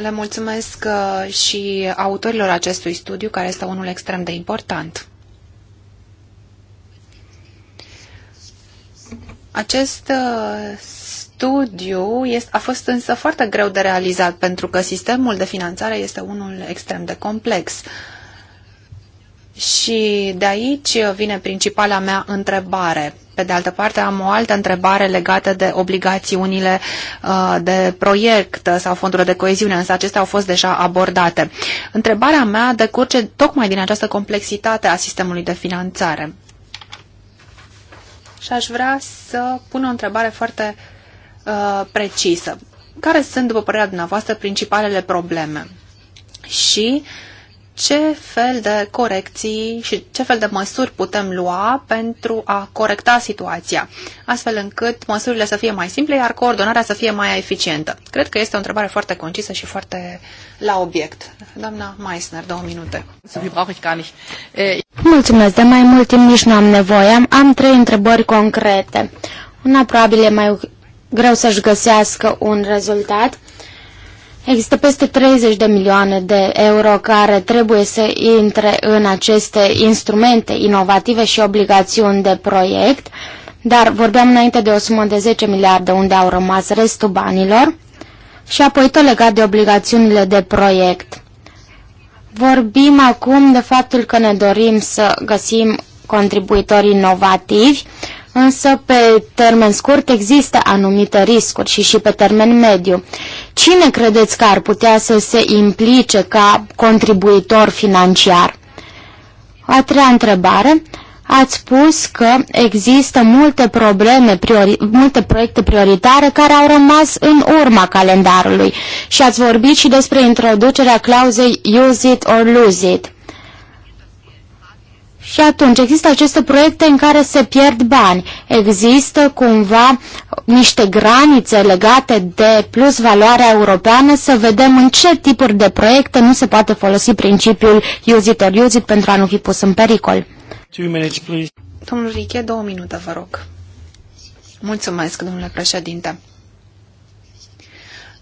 Le mulțumesc uh, și autorilor acestui studiu, care este unul extrem de important. Acest uh, studiu a fost însă foarte greu de realizat pentru că sistemul de finanțare este unul extrem de complex. Și de aici vine principala mea întrebare. Pe de altă parte, am o altă întrebare legată de obligațiunile uh, de proiect sau fondurile de coeziune, însă acestea au fost deja abordate. Întrebarea mea decurge tocmai din această complexitate a sistemului de finanțare. Și aș vrea să pun o întrebare foarte uh, precisă. Care sunt, după părerea dumneavoastră, principalele probleme? Și uh, ce fel de corecții și ce fel de măsuri putem lua pentru a corecta situația, astfel încât măsurile să fie mai simple, iar coordonarea să fie mai eficientă. Cred că este o întrebare foarte concisă și foarte la obiect. Doamna Meissner, două minute. Äh, Mulțumesc, de mai mult timp nici nu am nevoie. Am, am trei întrebări concrete. Una probabil e mai greu să-și găsească un rezultat Există peste 30 de milioane de euro care trebuie să intre în aceste instrumente inovative și obligațiuni de proiect, dar vorbeam înainte de o sumă de 10 miliarde unde au rămas restul banilor și apoi tot legat de obligațiunile de proiect. Vorbim acum de faptul că ne dorim să găsim contribuitori inovativi, însă pe termen scurt există anumite riscuri și și pe termen mediu. Cine credeți că ar putea să se implice ca contribuitor financiar? A treia întrebare. Ați spus că există multe probleme, priori, multe proiecte prioritare care au rămas în urma calendarului și ați vorbit și despre introducerea clauzei use it or lose it. Și atunci există aceste proiecte în care se pierd bani. Există cumva niște granițe legate de plus valoarea europeană să vedem în ce tipuri de proiecte nu se poate folosi principiul use it or use it pentru a nu fi pus în pericol. Domnul Riche, două minute, vă rog. Mulțumesc, domnule președinte.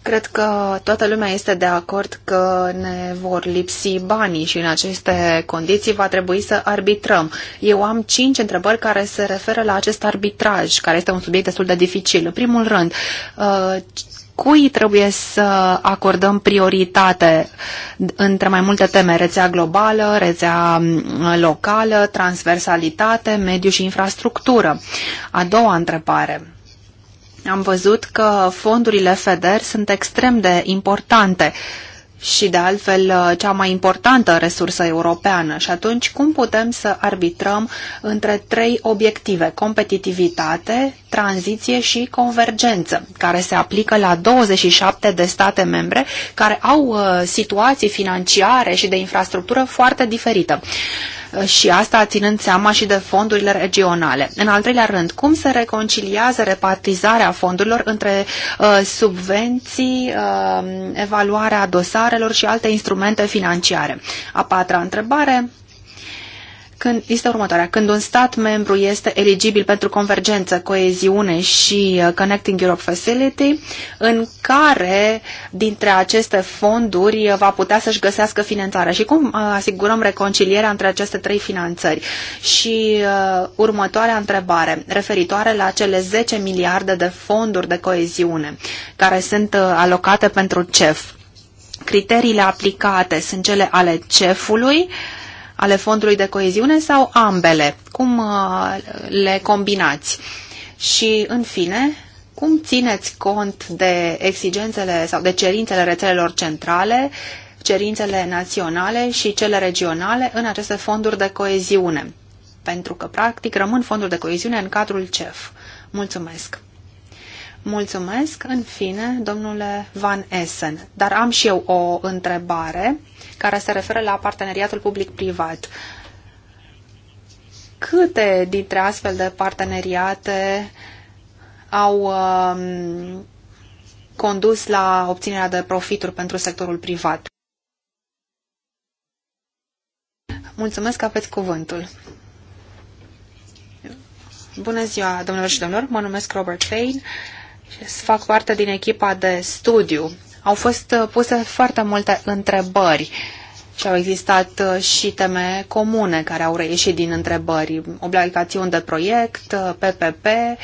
Cred că toată lumea este de acord că ne vor lipsi banii și în aceste condiții va trebui să arbitrăm. Eu am cinci întrebări care se referă la acest arbitraj, care este un subiect destul de dificil. În primul rând, uh, cui trebuie să acordăm prioritate între mai multe teme, rețea globală, rețea mm, locală, transversalitate, mediu și infrastructură? A doua întrebare am văzut că fondurile FEDER sunt extrem de importante și de altfel cea mai importantă resursă europeană. Și atunci cum putem să arbitrăm între trei obiective, competitivitate, tranziție și convergență, care se aplică la 27 de state membre care au uh, situații financiare și de infrastructură foarte diferită și asta ținând seama și de fondurile regionale. În al treilea rând, cum se reconciliază repartizarea fondurilor între uh, subvenții, uh, evaluarea dosarelor și alte instrumente financiare? A patra întrebare, când, este următoarea. Când un stat membru este eligibil pentru convergență, coeziune și uh, Connecting Europe Facility, în care dintre aceste fonduri uh, va putea să-și găsească finanțarea și cum uh, asigurăm reconcilierea între aceste trei finanțări. Și uh, următoarea întrebare, referitoare la cele 10 miliarde de fonduri de coeziune care sunt uh, alocate pentru CEF. Criteriile aplicate sunt cele ale CEF-ului, uh, ale fondului de coeziune sau ambele? Cum uh, le combinați? Și, în fine, cum țineți cont de exigențele sau de cerințele rețelelor centrale, cerințele naționale și cele regionale în aceste fonduri de coeziune? Pentru că, practic, rămân fonduri de coeziune în cadrul CEF. Mulțumesc! Mulțumesc, în fine, domnule Van Essen. Dar am și eu o întrebare care se referă la parteneriatul public-privat. Câte dintre astfel de parteneriate au um, condus la obținerea de profituri pentru sectorul privat? Mulțumesc că aveți cuvântul. Bună ziua, domnilor și domnilor, mă numesc Robert Fain și fac parte din echipa de studiu au fost uh, puse foarte multe întrebări și au existat uh, și teme comune care au reieșit din întrebări, obligațiuni de proiect, PPP, uh,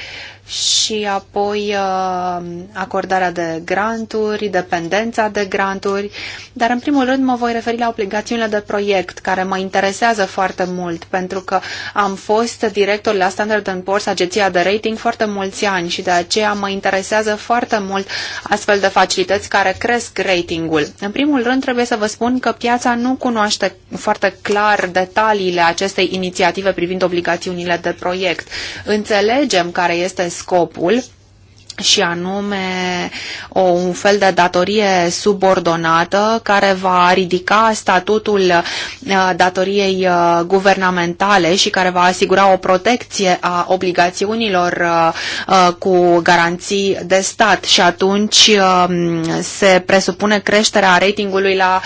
și apoi uh, acordarea de granturi, dependența de granturi, dar în primul rând mă voi referi la obligațiunile de proiect, care mă interesează foarte mult, pentru că am fost director la Standard Poor's, agenția de rating, foarte mulți ani și de aceea mă interesează foarte mult astfel de facilități care cresc ratingul. În primul rând trebuie să vă spun că piața nu cunoaște foarte clar detaliile acestei inițiative privind obligațiunile de proiect. Înțelegem care este scopul și anume o, un fel de datorie subordonată care va ridica statutul uh, datoriei uh, guvernamentale și care va asigura o protecție a obligațiunilor uh, cu garanții de stat și atunci um, se presupune creșterea ratingului la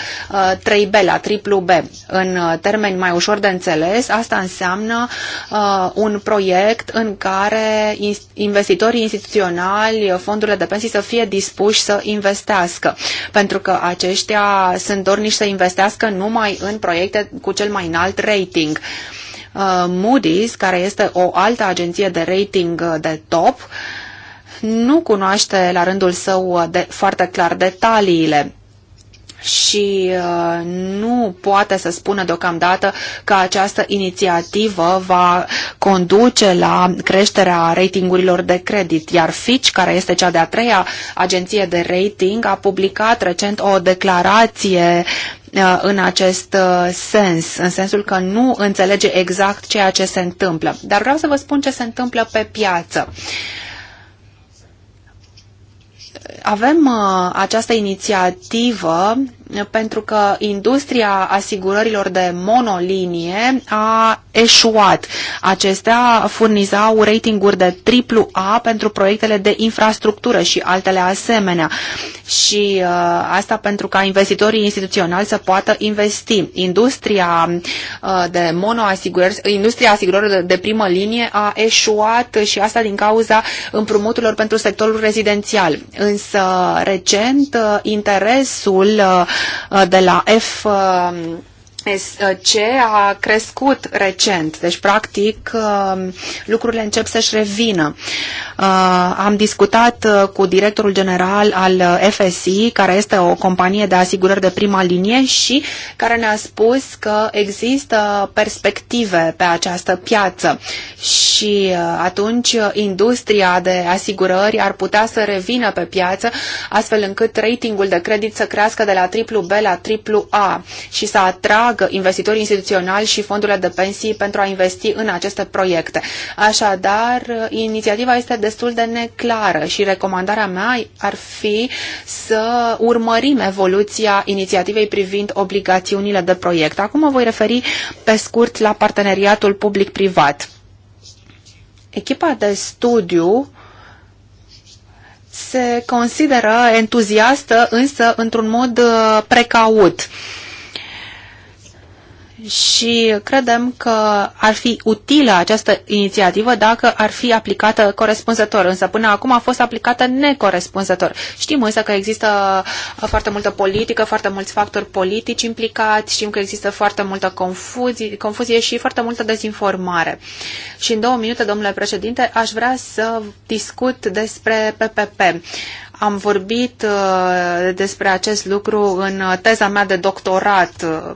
3B, la triplu B. În termeni mai ușor de înțeles, asta înseamnă un proiect în care investitorii instituționali profesionali, fondurile de pensii să fie dispuși să investească, pentru că aceștia sunt dorniși să investească numai în proiecte cu cel mai înalt rating. Uh, Moody's, care este o altă agenție de rating uh, de top, nu cunoaște la rândul său uh, de, foarte clar detaliile și uh, nu poate să spună deocamdată că această inițiativă va conduce la creșterea ratingurilor de credit, iar Fitch, care este cea de-a treia agenție de rating, a publicat recent o declarație uh, în acest uh, sens, în sensul că nu înțelege exact ceea ce se întâmplă. Dar vreau să vă spun ce se întâmplă pe piață avem uh, această inițiativă pentru că industria asigurărilor de monolinie a eșuat. Acestea furnizau ratinguri de A pentru proiectele de infrastructură și altele asemenea. Și uh, asta pentru ca investitorii instituționali să poată investi. Industria uh, de monoasigurări, industria asigurărilor de primă linie a eșuat și asta din cauza împrumuturilor pentru sectorul rezidențial. Însă recent uh, interesul uh, de la F Uh, ce a crescut recent, deci practic uh, lucrurile încep să-și revină. Uh, am discutat cu directorul general al FSI, care este o companie de asigurări de prima linie și care ne-a spus că există perspective pe această piață și atunci industria de asigurări ar putea să revină pe piață astfel încât ratingul de credit să crească de la AAA la AAA și să atragă atragă investitorii instituționali și fondurile de pensii pentru a investi în aceste proiecte. Așadar, inițiativa este destul de neclară și recomandarea mea ar fi să urmărim evoluția inițiativei privind obligațiunile de proiect. Acum mă voi referi pe scurt la parteneriatul public-privat. Echipa de studiu se consideră entuziastă, însă într-un mod uh, precaut. Uh, și credem că ar fi utilă această inițiativă dacă ar fi aplicată corespunzător, însă până acum a fost aplicată necorespunzător. Știm însă că există foarte multă politică, foarte mulți factori politici implicați, știm că există foarte multă confuzie, confuzie și foarte multă dezinformare. Și în două minute, domnule președinte, aș vrea să discut despre PPP. Am vorbit uh, despre acest lucru în teza mea de doctorat uh,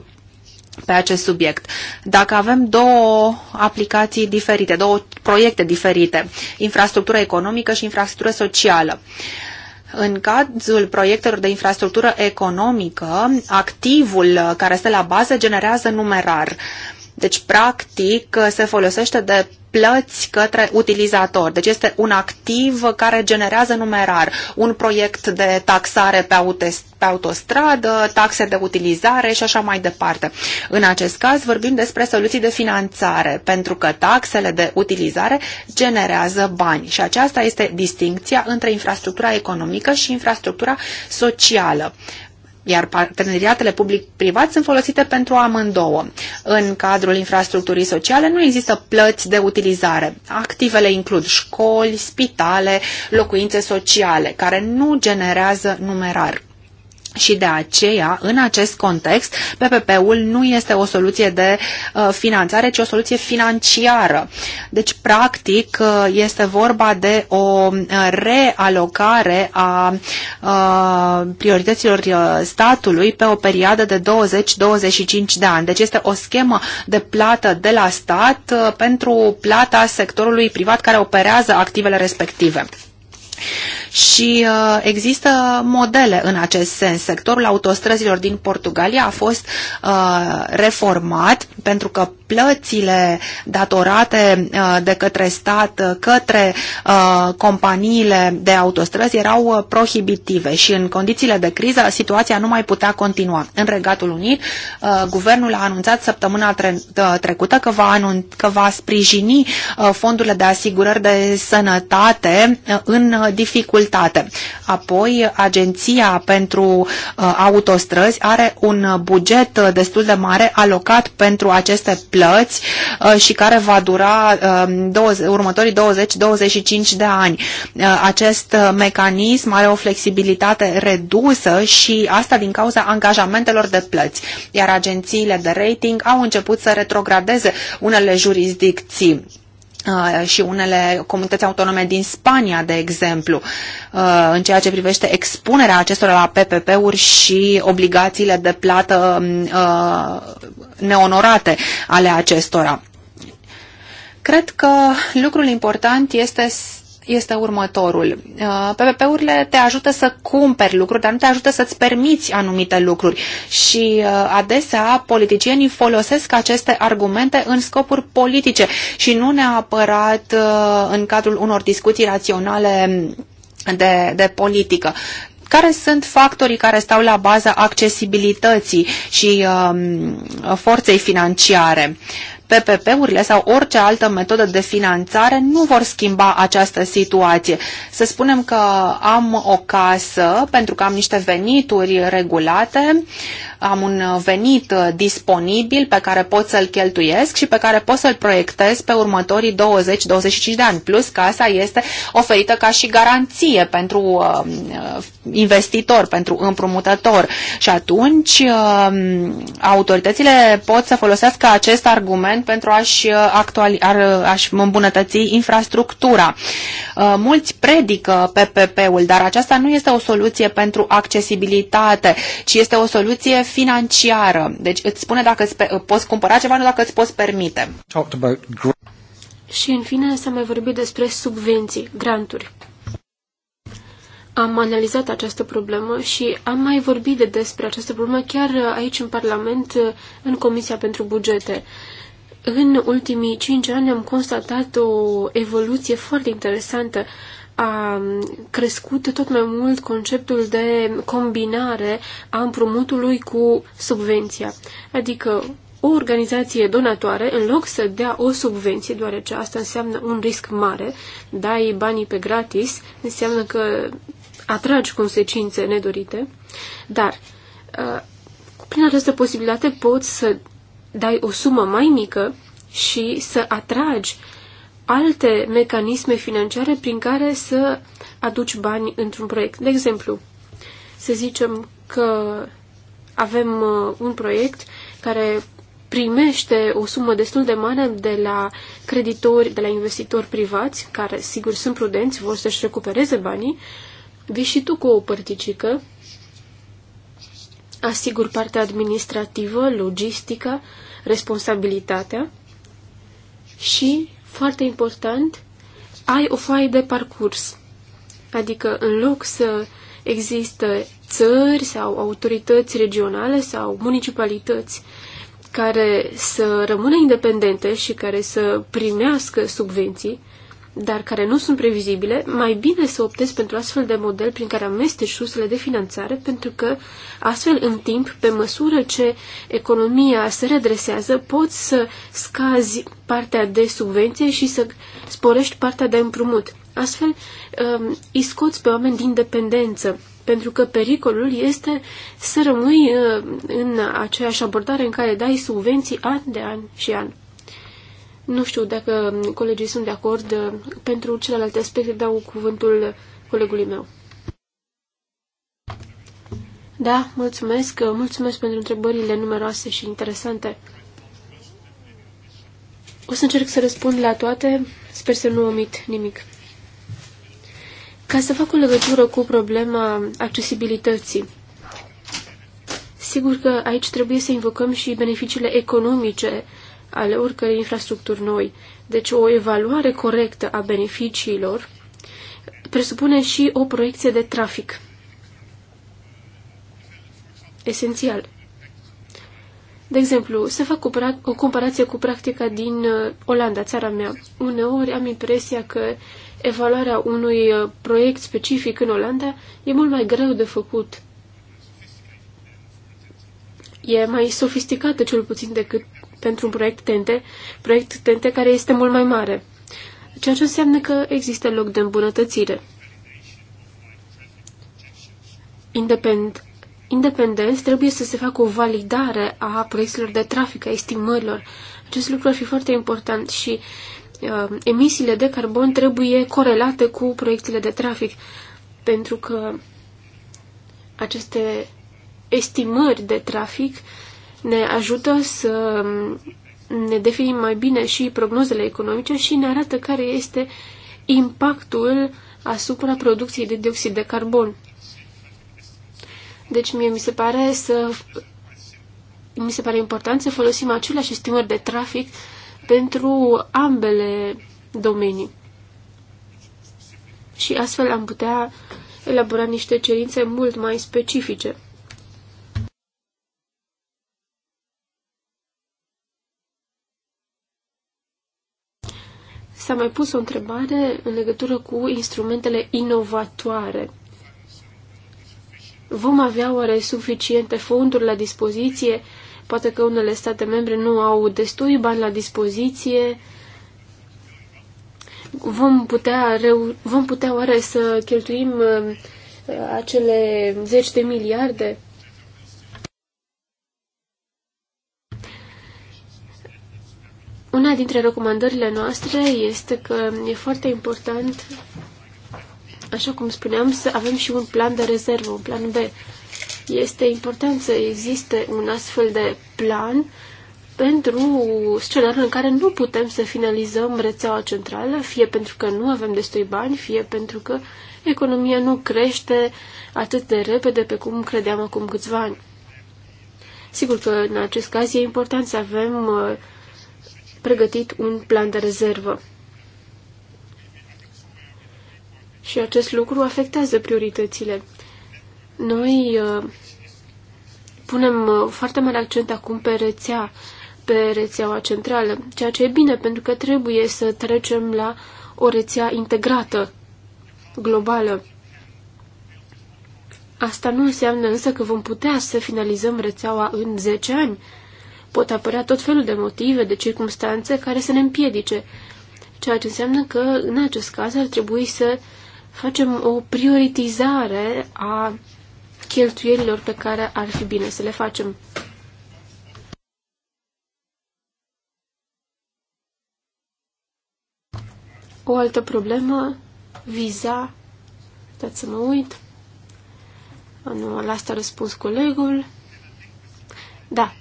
pe acest subiect. Dacă avem două aplicații diferite, două proiecte diferite, infrastructură economică și infrastructură socială, în cazul proiectelor de infrastructură economică, activul care stă la bază generează numerar. Uh, deci, practic, se folosește de plăți către utilizator. Deci este un activ care generează numerar un proiect de taxare pe, pe autostradă, taxe de utilizare și așa mai departe. În acest caz vorbim despre soluții de finanțare, pentru că taxele de utilizare generează bani și aceasta este distincția între infrastructura economică și infrastructura socială iar parteneriatele public-privat sunt folosite pentru amândouă. În cadrul infrastructurii sociale nu există plăți de utilizare. Activele includ școli, spitale, locuințe sociale, care nu generează numerar și de aceea, în acest context, PPP-ul nu este o soluție de uh, finanțare, ci o soluție financiară. Deci, practic, uh, este vorba de o uh, realocare a priorităților statului pe o perioadă de 20-25 de ani. Deci este o schemă de plată de la stat pentru plata sectorului privat care operează activele respective și uh, există modele în acest sens. Sectorul autostrăzilor din Portugalia a fost uh, reformat pentru că plățile datorate uh, de către stat uh, către uh, companiile de autostrăzi erau uh, prohibitive și în condițiile de criză situația nu mai putea continua. În Regatul Unit, uh, guvernul a anunțat săptămâna tre uh, trecută că va, anun- că va sprijini uh, fondurile de asigurări de sănătate uh, în dificultate dezvoltate. Apoi, Agenția pentru uh, Autostrăzi are un buget destul de mare alocat pentru aceste plăți uh, și care va dura 20, um, următorii 20-25 de ani. Uh, acest mecanism are o flexibilitate redusă și asta din cauza angajamentelor de plăți, iar agențiile de rating au început să retrogradeze unele jurisdicții Uh, și unele comunități autonome din Spania, de exemplu, uh, în ceea ce privește expunerea acestora la PPP-uri și obligațiile de plată um, uh, neonorate ale acestora. Cred că lucrul important este este următorul. Uh, PPP-urile te ajută să cumperi lucruri, dar nu te ajută să-ți permiți anumite lucruri. Și uh, adesea politicienii folosesc aceste argumente în scopuri politice și nu neapărat uh, în cadrul unor discuții raționale de, de politică care sunt factorii care stau la baza accesibilității și um, forței financiare. PPP-urile sau orice altă metodă de finanțare nu vor schimba această situație. Să spunem că am o casă pentru că am niște venituri regulate, am un uh, venit uh, disponibil pe care pot să-l cheltuiesc și pe care pot să-l proiectez pe următorii 20-25 de ani. Plus, casa este oferită ca și garanție pentru uh, investitor, pentru împrumutător. Și atunci autoritățile pot să folosească acest argument pentru a-și, actuali, a-și îmbunătăți infrastructura. Mulți predică PPP-ul, dar aceasta nu este o soluție pentru accesibilitate, ci este o soluție financiară. Deci îți spune dacă îți poți cumpăra ceva, nu dacă îți poți permite. Și în fine s-a mai vorbit despre subvenții, granturi. Am analizat această problemă și am mai vorbit de despre această problemă chiar aici în Parlament, în Comisia pentru Bugete. În ultimii cinci ani am constatat o evoluție foarte interesantă a crescut tot mai mult conceptul de combinare a împrumutului cu subvenția. Adică o organizație donatoare, în loc să dea o subvenție, deoarece asta înseamnă un risc mare, dai banii pe gratis, înseamnă că atragi consecințe nedorite, dar prin această posibilitate poți să dai o sumă mai mică și să atragi uh, alte mecanisme financiare prin care să aduci bani într-un proiect. De exemplu, să zicem că avem uh, un proiect care primește o sumă destul de mare de la creditori, de la investitori privați, care sigur sunt prudenți, vor să-și recupereze banii, vii și tu cu o părticică, asigur partea administrativă, logistică, responsabilitatea și foarte important, ai o foaie de parcurs. Adică, în loc să există țări sau autorități regionale sau municipalități care să rămână independente și care să primească subvenții, dar care nu sunt previzibile, mai bine să optezi pentru astfel de model prin care amesteci sursele de finanțare, pentru că astfel, în timp, pe măsură ce economia se redresează, poți să scazi partea de subvenție și să sporești partea de împrumut. Astfel, um, îi scoți pe oameni din dependență, pentru că pericolul este să rămâi uh, în aceeași abordare în care dai subvenții an de an și an. Nu știu dacă colegii sunt de acord. Uh, pentru celelalte aspecte dau cuvântul colegului meu. Da, mulțumesc. Uh, mulțumesc pentru întrebările numeroase și interesante. O să încerc să răspund la toate. Sper să nu omit nimic. Ca să fac o legătură cu problema accesibilității, sigur că aici trebuie să invocăm și beneficiile economice ale oricărei infrastructuri noi. Deci o evaluare corectă a beneficiilor presupune și o proiecție de trafic. Esențial. De exemplu, să fac o, o comparație cu practica din uh, Olanda, țara mea. Uneori am impresia că evaluarea unui uh, proiect specific în Olanda e mult mai greu de făcut. E mai sofisticată cel puțin decât pentru un proiect tente, proiect tente care este mult mai mare. Ceea ce înseamnă că există loc de îmbunătățire. Independ, independenți trebuie să se facă o validare a proiectelor de trafic, a estimărilor. Acest lucru ar fi foarte important și uh, emisiile de carbon trebuie corelate cu proiectele de trafic, pentru că aceste estimări de trafic uh, ne ajută să ne definim mai bine și prognozele economice și ne arată care este impactul asupra producției de dioxid de carbon. Deci mie mi se pare să mi se pare important să folosim aceleași estimări de trafic pentru ambele domenii. Și astfel am putea elabora niște cerințe mult mai specifice. S-a mai pus o întrebare în legătură cu instrumentele inovatoare. Vom avea oare suficiente fonduri la dispoziție? Poate că unele state membre nu au destui bani la dispoziție. Vom putea, reu- vom putea oare să cheltuim uh, acele zeci de miliarde? Una dintre recomandările noastre este că e foarte important, așa cum spuneam, să avem și un plan de rezervă, un plan B. Este important să existe un astfel de plan pentru scenariul în care nu putem să finalizăm rețeaua centrală, fie pentru că nu avem destui bani, fie pentru că economia nu crește atât de repede pe cum credeam acum câțiva ani. Sigur că în acest caz e important să avem uh, pregătit un plan de rezervă. Și acest lucru afectează prioritățile. Noi uh, punem uh, foarte mare accent acum pe rețea, pe rețeaua centrală, ceea ce e bine, pentru că trebuie să trecem la o rețea integrată, globală. Asta nu înseamnă însă că vom putea să finalizăm rețeaua în 10 ani, pot apărea tot felul de motive, de circumstanțe care să ne împiedice. Ceea ce înseamnă că, în acest caz, ar trebui să facem o prioritizare a cheltuielilor pe care ar fi bine să le facem. O altă problemă viza. Dați să mă uit. Nu, la asta a răspuns colegul. Da,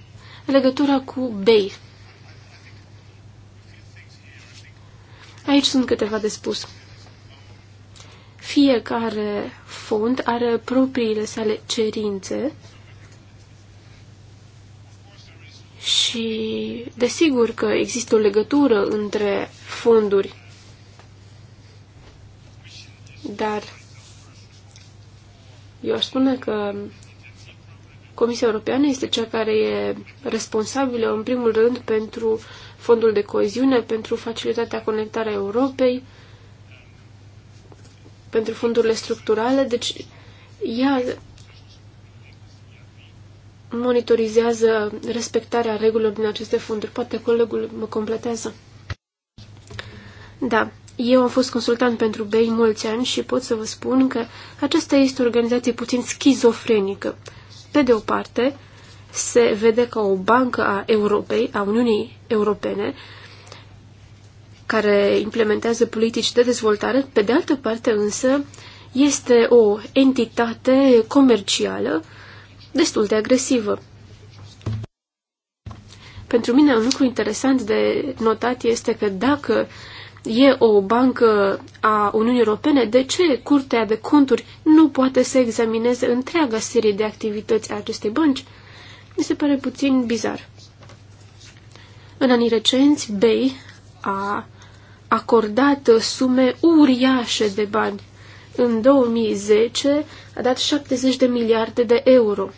în legătură cu BEI. Aici sunt câteva de spus. Fiecare fond are propriile sale cerințe și desigur că există o legătură între fonduri, dar eu aș spune că Comisia Europeană este cea care e responsabilă, în primul rând, pentru fondul de coeziune, pentru facilitatea conectarea Europei, pentru fondurile structurale. Deci, ea monitorizează respectarea regulilor din aceste fonduri. Poate colegul mă completează. Da, eu am fost consultant pentru BEI mulți ani și pot să vă spun că aceasta este o organizație puțin schizofrenică. Pe de o parte, se vede ca o bancă a Europei, a Uniunii Europene, care implementează politici de dezvoltare, pe de altă parte însă este o entitate comercială destul de agresivă. Pentru mine un lucru interesant de notat este că dacă e o bancă a Uniunii Europene, de ce Curtea de Conturi nu poate să examineze întreaga serie de activități a acestei bănci? Mi se pare puțin bizar. În anii recenți, BEI a acordat sume uriașe de bani. În 2010 a dat 70 de miliarde de euro.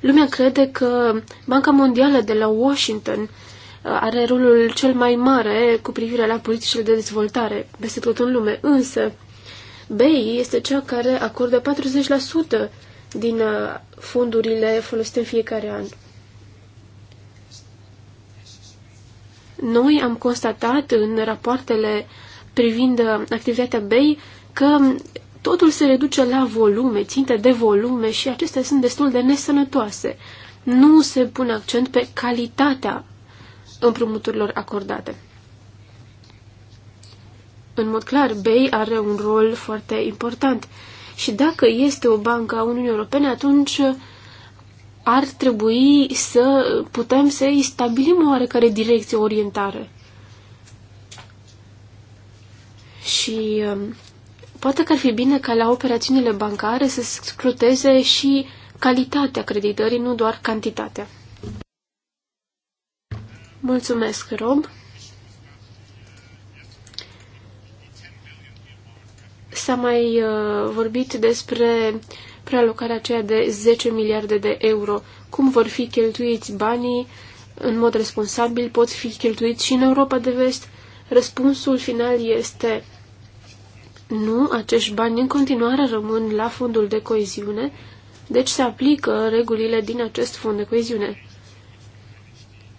Lumea crede că Banca Mondială de la Washington are rolul cel mai mare cu privire la politicile de dezvoltare peste tot în lume. Însă, BEI este cea care acordă 40% din uh, fondurile folosite în fiecare an. Noi am constatat în rapoartele privind uh, activitatea BEI că totul se reduce la volume, ținte de volume și acestea sunt destul de nesănătoase. Nu se pune accent pe calitatea împrumuturilor acordate. În mod clar, BEI are un rol foarte important și dacă este o bancă a Uniunii Europene, atunci ar trebui să putem să-i stabilim o oarecare direcție orientare. Și um, poate că ar fi bine ca la operațiunile bancare să scruteze și calitatea creditării, nu doar cantitatea. Mulțumesc, Rob. S-a mai uh, vorbit despre prealocarea aceea de 10 miliarde de euro. Cum vor fi cheltuiți banii în mod responsabil? Pot fi cheltuiți și în Europa de Vest? Răspunsul final este nu, acești bani în continuare rămân la fondul de coeziune, deci se aplică regulile din acest fond de coeziune.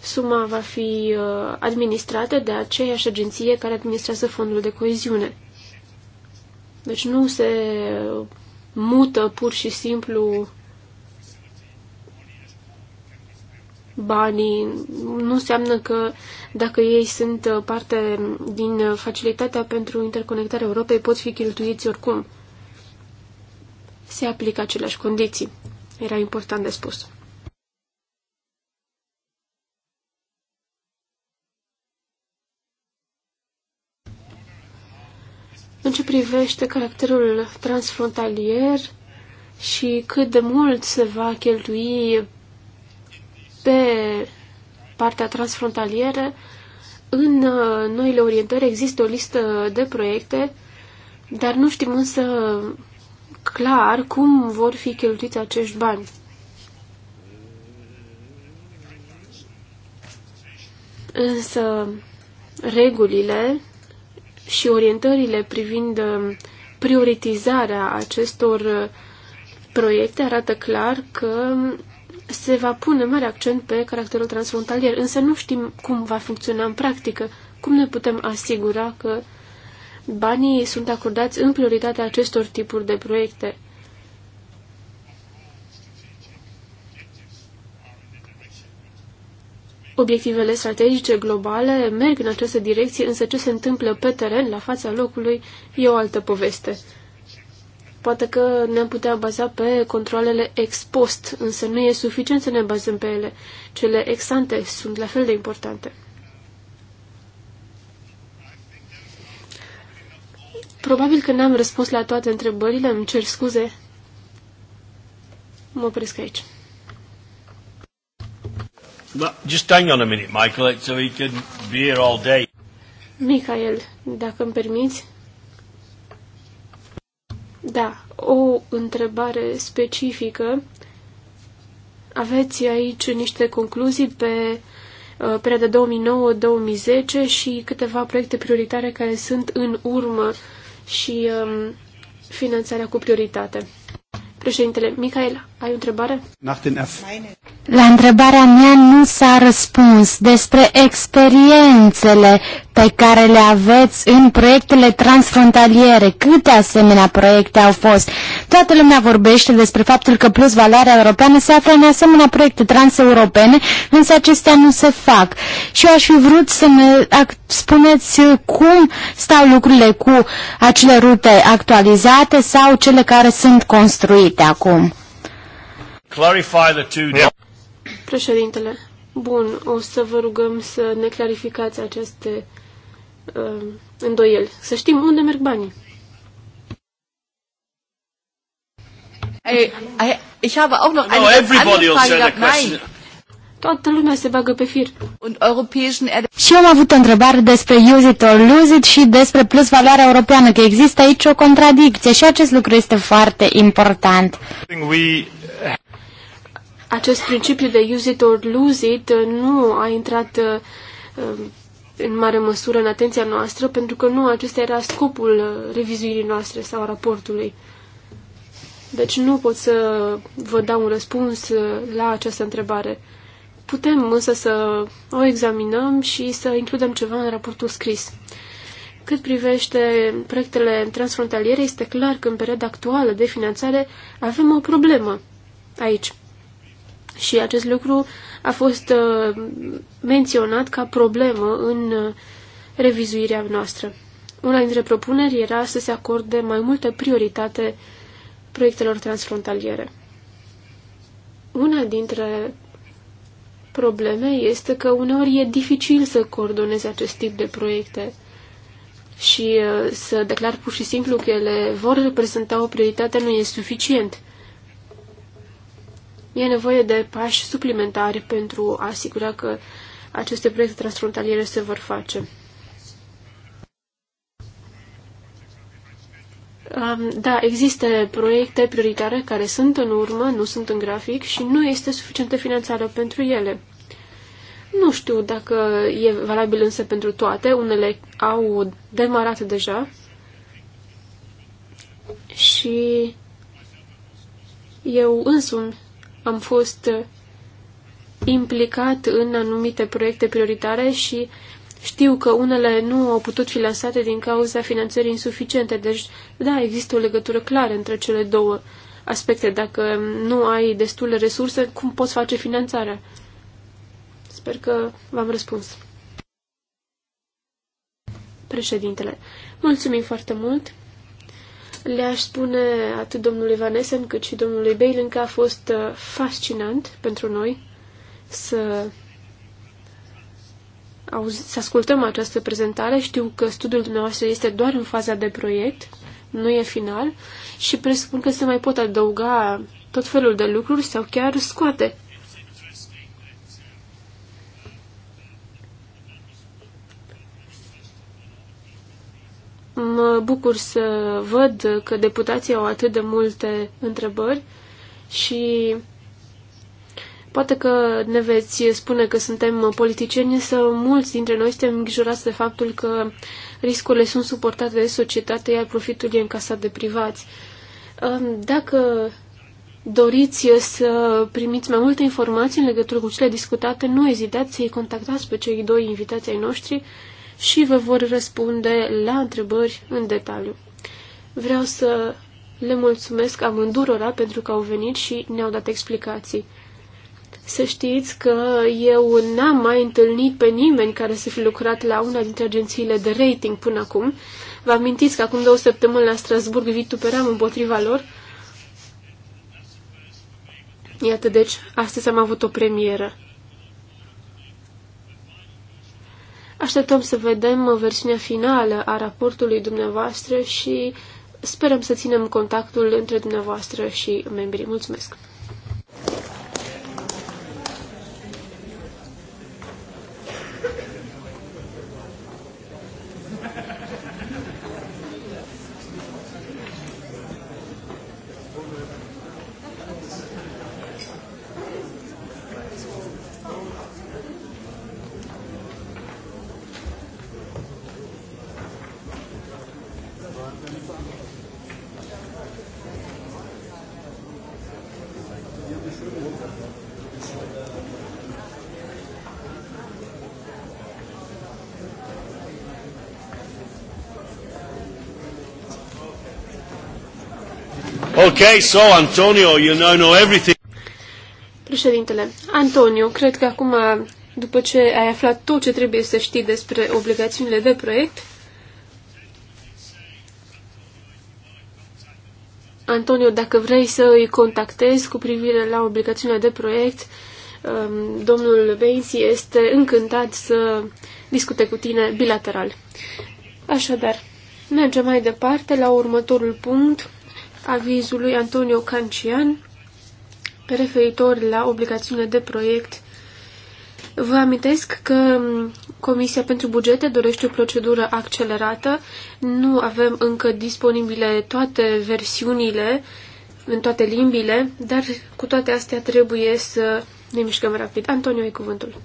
Suma va fi uh, administrată de aceeași agenție care administrează fondul de coeziune. Deci nu se mută pur și simplu banii. Nu înseamnă că dacă ei sunt parte din facilitatea pentru interconectarea Europei, pot fi cheltuiți oricum. Se aplică aceleași condiții. Era important de spus. În ce privește caracterul transfrontalier și cât de mult se va cheltui pe partea transfrontalieră, în uh, noile orientări există o listă de proiecte, dar nu știm însă clar cum vor fi cheltuiți acești bani. Însă regulile și orientările privind uh, prioritizarea acestor uh, proiecte arată clar că se va pune mare accent pe caracterul transfrontalier, însă nu știm cum va funcționa în practică, cum ne putem asigura că banii sunt acordați în prioritatea acestor tipuri de proiecte. Obiectivele strategice globale merg în această direcție, însă ce se întâmplă pe teren, la fața locului, e o altă poveste. Poate că ne-am putea baza pe controlele ex post, însă nu e suficient să ne bazăm pe ele. Cele ex ante sunt la fel de importante. Probabil că n-am răspuns la toate întrebările, îmi cer scuze. Mă opresc aici just hang on a minute, Michael, so he can be here all day. Michael, dacă îmi permiți. Da, o întrebare specifică. Aveți aici niște concluzii pe uh, perioada 2009-2010 și câteva proiecte prioritare care sunt în urmă și um, finanțarea cu prioritate. Președintele Michael, ai o întrebare? La întrebarea mea nu s-a răspuns despre experiențele pe care le aveți în proiectele transfrontaliere. Câte asemenea proiecte au fost? Toată lumea vorbește despre faptul că plus valoarea europeană se află în asemenea proiecte transeuropene, însă acestea nu se fac. Și eu aș fi vrut să ne spuneți cum stau lucrurile cu acele rute actualizate sau cele care sunt construite acum. Clarify the two... Yeah. Președintele, bun, o să vă rugăm să ne clarificați aceste uh, îndoieli. Să știm unde merg banii. I, I, ich habe auch noch eine no, ganz andere Frage the Nein, Toată lumea se bagă pe fir. Și eu am avut o întrebare despre use it or lose it și despre plus valoarea europeană, că există aici o contradicție și acest lucru este foarte important. Acest principiu de use it or lose it uh, nu a intrat uh, um, în mare măsură în atenția noastră, pentru că nu acesta era scopul uh, revizuirii noastre sau raportului. Deci nu pot să vă dau un răspuns la această întrebare. Putem însă să o examinăm și să includem ceva în raportul scris. Cât privește proiectele transfrontaliere, este clar că în perioada actuală de finanțare avem o problemă aici. Și acest lucru a fost uh, menționat ca problemă în uh, revizuirea noastră. Una dintre propuneri era să se acorde mai multă prioritate proiectelor transfrontaliere. Una dintre probleme este că uneori e dificil să coordonezi acest tip de proiecte și uh, să declar pur și simplu că ele vor reprezenta o prioritate nu e suficient. E nevoie de pași suplimentari pentru a asigura că aceste proiecte transfrontaliere se vor face. Da, există proiecte prioritare care sunt în urmă, nu sunt în grafic și nu este suficientă finanțare pentru ele. Nu știu dacă e valabil însă pentru toate, unele au demarat deja și eu însumi am fost implicat în anumite proiecte prioritare și știu că unele nu au putut fi lansate din cauza finanțării insuficiente, deci, da, există o legătură clară între cele două aspecte. Dacă nu ai destule resurse, cum poți face finanțarea? Sper că v-am răspuns. Președintele, mulțumim foarte mult. Le-aș spune atât domnului Vanesen cât și domnului Bailen că a fost uh, fascinant pentru noi să auzi, să ascultăm această prezentare. Știu că studiul dumneavoastră este doar în faza de proiect, nu e final și presupun că se mai pot adăuga tot felul de lucruri sau chiar scoate. Mă bucur să văd că deputații au atât de multe întrebări și Poate că ne veți spune că suntem politicieni, însă mulți dintre noi suntem îngrijorați de faptul că riscurile sunt suportate de societate, iar profitul e încasat de privați. Dacă doriți să primiți mai multe informații în legătură cu cele discutate, nu ezitați să-i contactați pe cei doi invitații ai noștri și vă vor răspunde la întrebări în detaliu. Vreau să le mulțumesc amândurora pentru că au venit și ne-au dat explicații. Să știți că eu n-am mai întâlnit pe nimeni care să fi lucrat la una dintre agențiile de rating până acum. Vă amintiți că acum două săptămâni la Strasburg vituperam împotriva lor? Iată, deci, astăzi am avut o premieră. Așteptăm să vedem versiunea finală a raportului dumneavoastră și sperăm să ținem contactul între dumneavoastră și membrii. Mulțumesc! Okay, so Antonio, you now know everything. Președintele, Antonio, cred că acum, după ce ai aflat tot ce trebuie să știi despre obligațiunile de proiect, Antonio, dacă vrei să îi contactezi cu privire la obligațiunile de proiect, um, domnul Bainsi este încântat să discute cu tine bilateral. Așadar, mergem mai departe la următorul punct, avizul lui Antonio Cancian referitor la obligațiunile de proiect. Vă amintesc că Comisia pentru Bugete dorește o procedură accelerată. Nu avem încă disponibile toate versiunile în toate limbile, dar cu toate astea trebuie să ne mișcăm rapid. Antonio, ai cuvântul.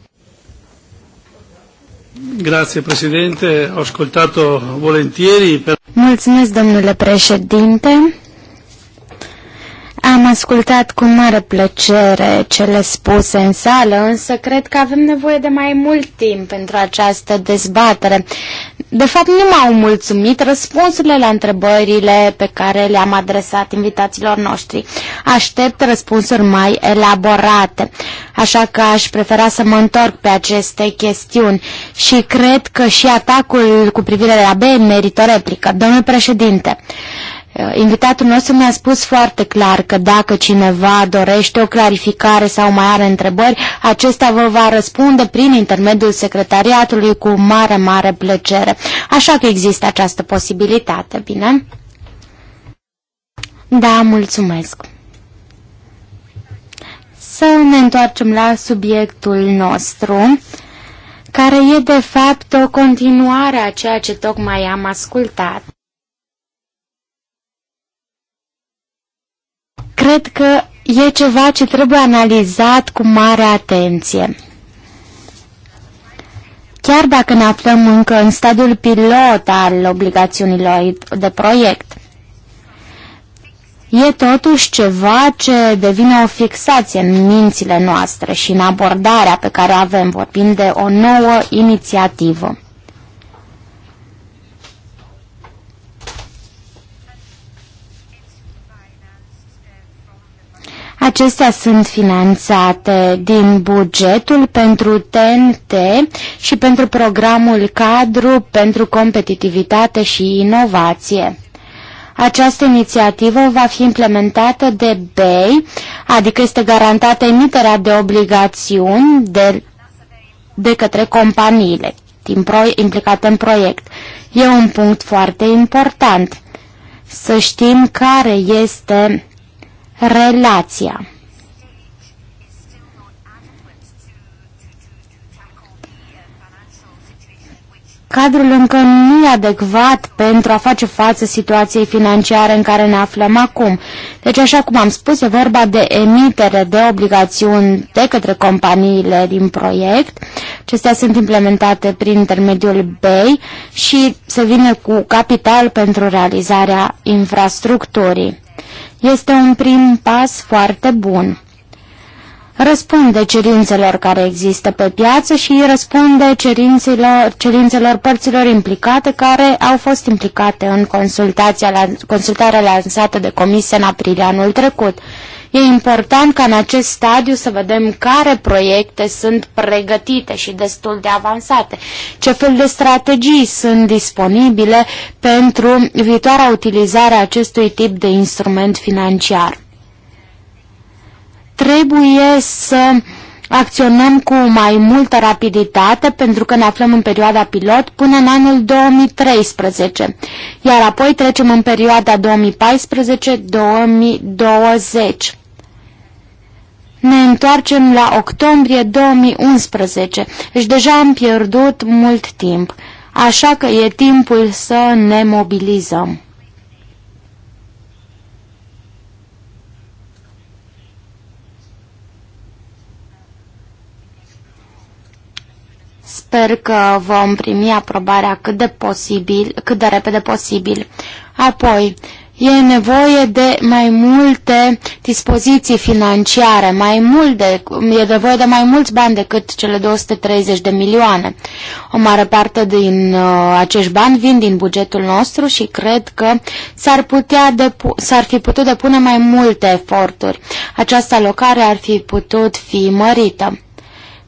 Grazie Presidente, ascultat-o volentieri. Mulțumesc, domnule președinte. Am ascultat cu mare plăcere cele spuse în sală, însă cred că avem nevoie de mai mult timp pentru această dezbatere. De fapt, nu m-au mulțumit răspunsurile la întrebările pe care le-am adresat invitaților noștri. Aștept răspunsuri mai elaborate, așa că aș prefera să mă întorc pe aceste chestiuni și cred că și atacul cu privire la B merită replică. Domnul președinte, Uh, invitatul nostru mi-a spus foarte clar că dacă cineva dorește o clarificare sau mai are întrebări, acesta vă va răspunde prin intermediul secretariatului cu mare, mare plăcere. Așa că există această posibilitate, bine? Da, mulțumesc. Să ne întoarcem la subiectul nostru, care e de fapt o continuare a ceea ce tocmai am ascultat. cred că e ceva ce trebuie analizat cu mare atenție. Chiar dacă ne aflăm încă în stadiul pilot al obligațiunilor de proiect, e totuși ceva ce devine o fixație în mințile noastre și în abordarea pe care o avem. vorbind de o nouă inițiativă. Acestea sunt finanțate din bugetul pentru TNT și pentru programul cadru pentru competitivitate și inovație. Această inițiativă va fi implementată de BEI, adică este garantată emiterea de obligațiuni de, de către companiile din pro, implicate în proiect. E un punct foarte important să știm care este relația. Cadrul încă nu e adecvat pentru a face față situației financiare în care ne aflăm acum. Deci, așa cum am spus, e vorba de emitere de obligațiuni de către companiile din proiect. Acestea sunt implementate prin intermediul BEI și se vine cu capital pentru realizarea infrastructurii. Este un prim pas foarte bun. Răspunde cerințelor care există pe piață și răspunde cerințelor, cerințelor părților implicate care au fost implicate în consultația, consultarea lansată de comisie în aprilie anul trecut. E important ca în acest stadiu să vedem care proiecte sunt pregătite și destul de avansate, ce fel de strategii sunt disponibile pentru viitoarea utilizare a acestui tip de instrument financiar. Trebuie să acționăm cu mai multă rapiditate pentru că ne aflăm în perioada pilot până în anul 2013, iar apoi trecem în perioada 2014-2020 ne întoarcem la octombrie 2011. Și deja am pierdut mult timp, așa că e timpul să ne mobilizăm. Sper că vom primi aprobarea cât de, posibil, cât de repede posibil. Apoi, e nevoie de mai multe dispoziții financiare, mai mult de, e nevoie de mai mulți bani decât cele 230 de milioane. O mare parte din uh, acești bani vin din bugetul nostru și cred că s-ar, putea s-ar fi putut depune mai multe eforturi. Această alocare ar fi putut fi mărită.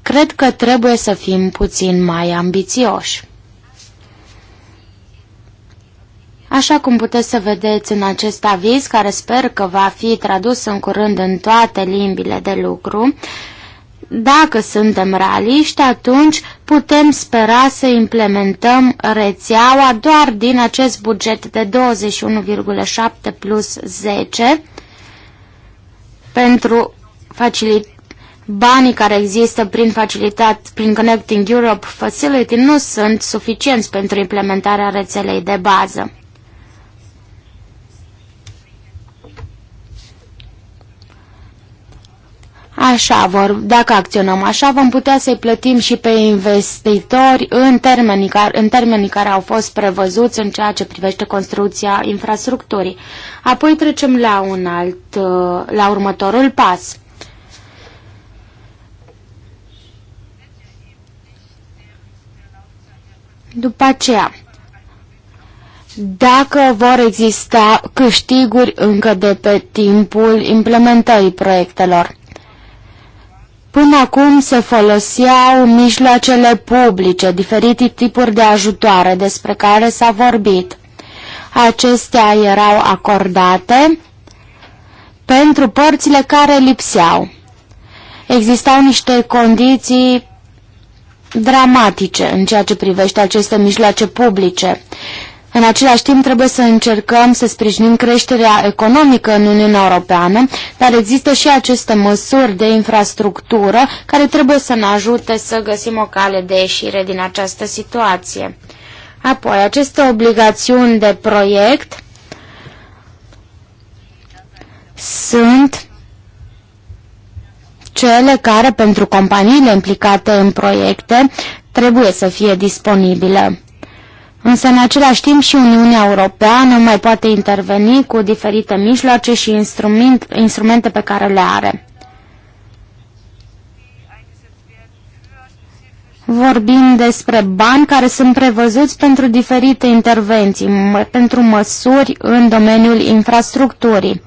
Cred că trebuie să fim puțin mai ambițioși. Așa cum puteți să vedeți în acest aviz, care sper că va fi tradus în curând în toate limbile de lucru, dacă suntem realiști, atunci putem spera să implementăm rețeaua doar din acest buget de 21,7 plus 10 pentru facilități banii care există prin facilitat, prin Connecting Europe Facility nu sunt suficienți pentru implementarea rețelei de bază. Așa vor, dacă acționăm așa, vom putea să-i plătim și pe investitori în termenii, care, în termenii care au fost prevăzuți în ceea ce privește construcția infrastructurii. Apoi trecem la un alt, la următorul pas. După aceea, dacă vor exista câștiguri încă de pe timpul implementării proiectelor. Până acum se foloseau mijloacele publice, diferite tipuri de ajutoare despre care s-a vorbit. Acestea erau acordate pentru părțile care lipseau. Existau niște condiții dramatice în ceea ce privește aceste mijloace publice. În același timp trebuie să încercăm să sprijinim creșterea economică în Uniunea Europeană, dar există și aceste măsuri de infrastructură care trebuie să ne ajute să găsim o cale de ieșire din această situație. Apoi, aceste obligațiuni de proiect sunt cele care pentru companiile implicate în proiecte trebuie să fie disponibile. Însă, în același timp, și Uniunea Europeană mai poate interveni cu diferite mijloace și instrument, instrumente pe care le are. Vorbim despre bani care sunt prevăzuți pentru diferite intervenții, pentru măsuri în domeniul infrastructurii.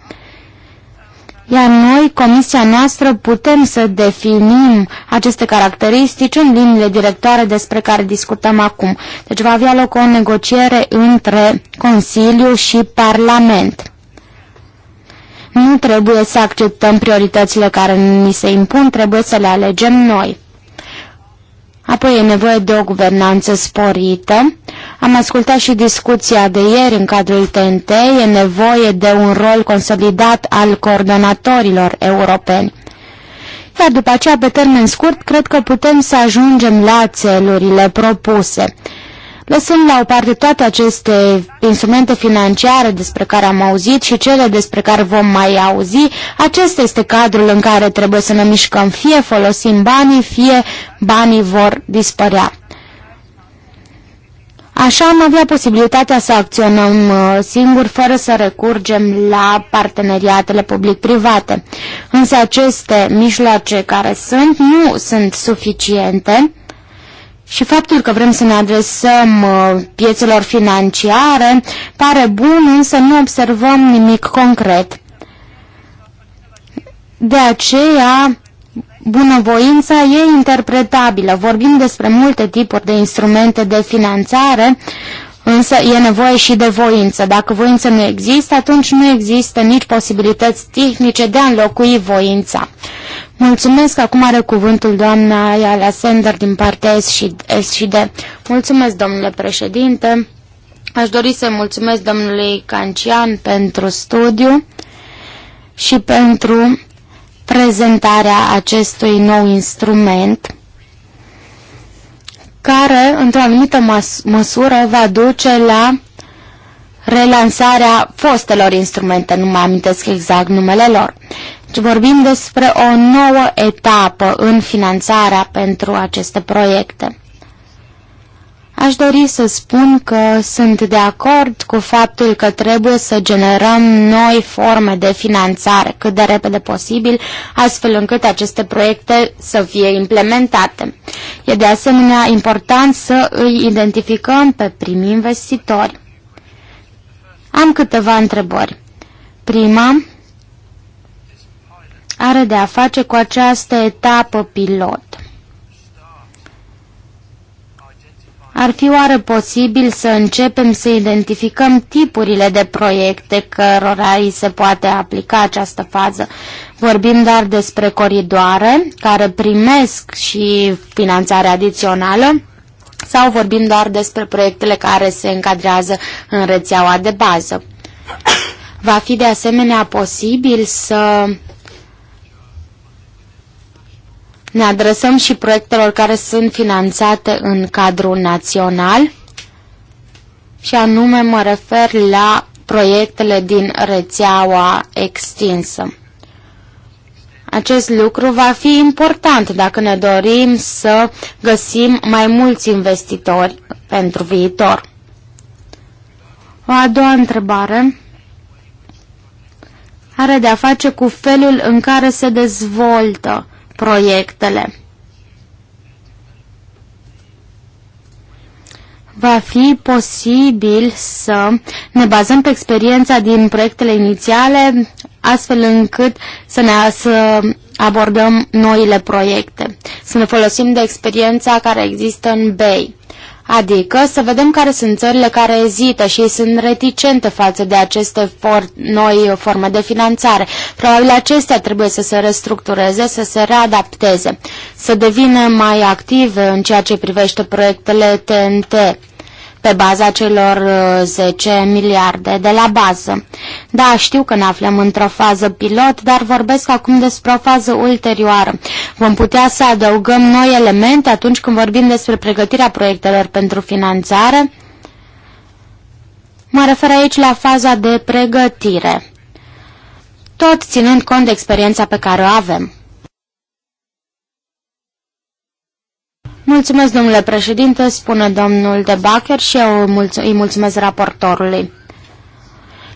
Iar noi, comisia noastră, putem să definim aceste caracteristici în liniile directoare despre care discutăm acum. Deci va avea loc o negociere între Consiliu și Parlament. Nu trebuie să acceptăm prioritățile care ni se impun, trebuie să le alegem noi. Apoi e nevoie de o guvernanță sporită, am ascultat și discuția de ieri în cadrul TNT, e nevoie de un rol consolidat al coordonatorilor europeni. Iar după aceea, pe termen scurt, cred că putem să ajungem la țelurile propuse. Lăsând la o parte toate aceste instrumente financiare despre care am auzit și cele despre care vom mai auzi, acesta este cadrul în care trebuie să ne mișcăm. Fie folosim banii, fie banii vor dispărea. Așa am avea posibilitatea să acționăm uh, singur, fără să recurgem la parteneriatele public-private. Însă aceste mijloace care sunt nu sunt suficiente și faptul că vrem să ne adresăm uh, piețelor financiare pare bun, însă nu observăm nimic concret. De aceea bunăvoința e interpretabilă. Vorbim despre multe tipuri de instrumente de finanțare, însă e nevoie și de voință. Dacă voință nu există, atunci nu există nici posibilități tehnice de a înlocui voința. Mulțumesc, acum are cuvântul doamna Ayala Sender din partea SD. Mulțumesc, domnule președinte. Aș dori să mulțumesc domnului Cancian pentru studiu și pentru prezentarea acestui nou instrument care, într-o anumită măsură, va duce la relansarea fostelor instrumente, nu mai amintesc exact numele lor. Deci vorbim despre o nouă etapă în finanțarea pentru aceste proiecte. Aș dori să spun că sunt de acord cu faptul că trebuie să generăm noi forme de finanțare cât de repede posibil, astfel încât aceste proiecte să fie implementate. E de asemenea important să îi identificăm pe primii investitori. Am câteva întrebări. Prima are de a face cu această etapă pilot. Ar fi oare posibil să începem să identificăm tipurile de proiecte cărora îi se poate aplica această fază? Vorbim doar despre coridoare care primesc și finanțare adițională sau vorbim doar despre proiectele care se încadrează în rețeaua de bază? Va fi de asemenea posibil să ne adresăm și proiectelor care sunt finanțate în cadrul național și anume mă refer la proiectele din rețeaua extinsă. Acest lucru va fi important dacă ne dorim să găsim mai mulți investitori pentru viitor. O a doua întrebare are de-a face cu felul în care se dezvoltă proiectele. va fi posibil să ne bazăm pe experiența din proiectele inițiale, astfel încât să ne să abordăm noile proiecte, să ne folosim de experiența care există în BEI. Adică să vedem care sunt țările care ezită și sunt reticente față de aceste for noi forme de finanțare. Probabil acestea trebuie să se restructureze, să se readapteze, să devină mai active în ceea ce privește proiectele TNT pe baza celor 10 uh, miliarde de la bază. Da, știu că ne aflăm într-o fază pilot, dar vorbesc acum despre o fază ulterioară. Vom putea să adăugăm noi elemente atunci când vorbim despre pregătirea proiectelor pentru finanțare? Mă refer aici la faza de pregătire, tot ținând cont de experiența pe care o avem. Mulțumesc, domnule președinte, spune domnul de Bacher și eu îi mulțumesc raportorului.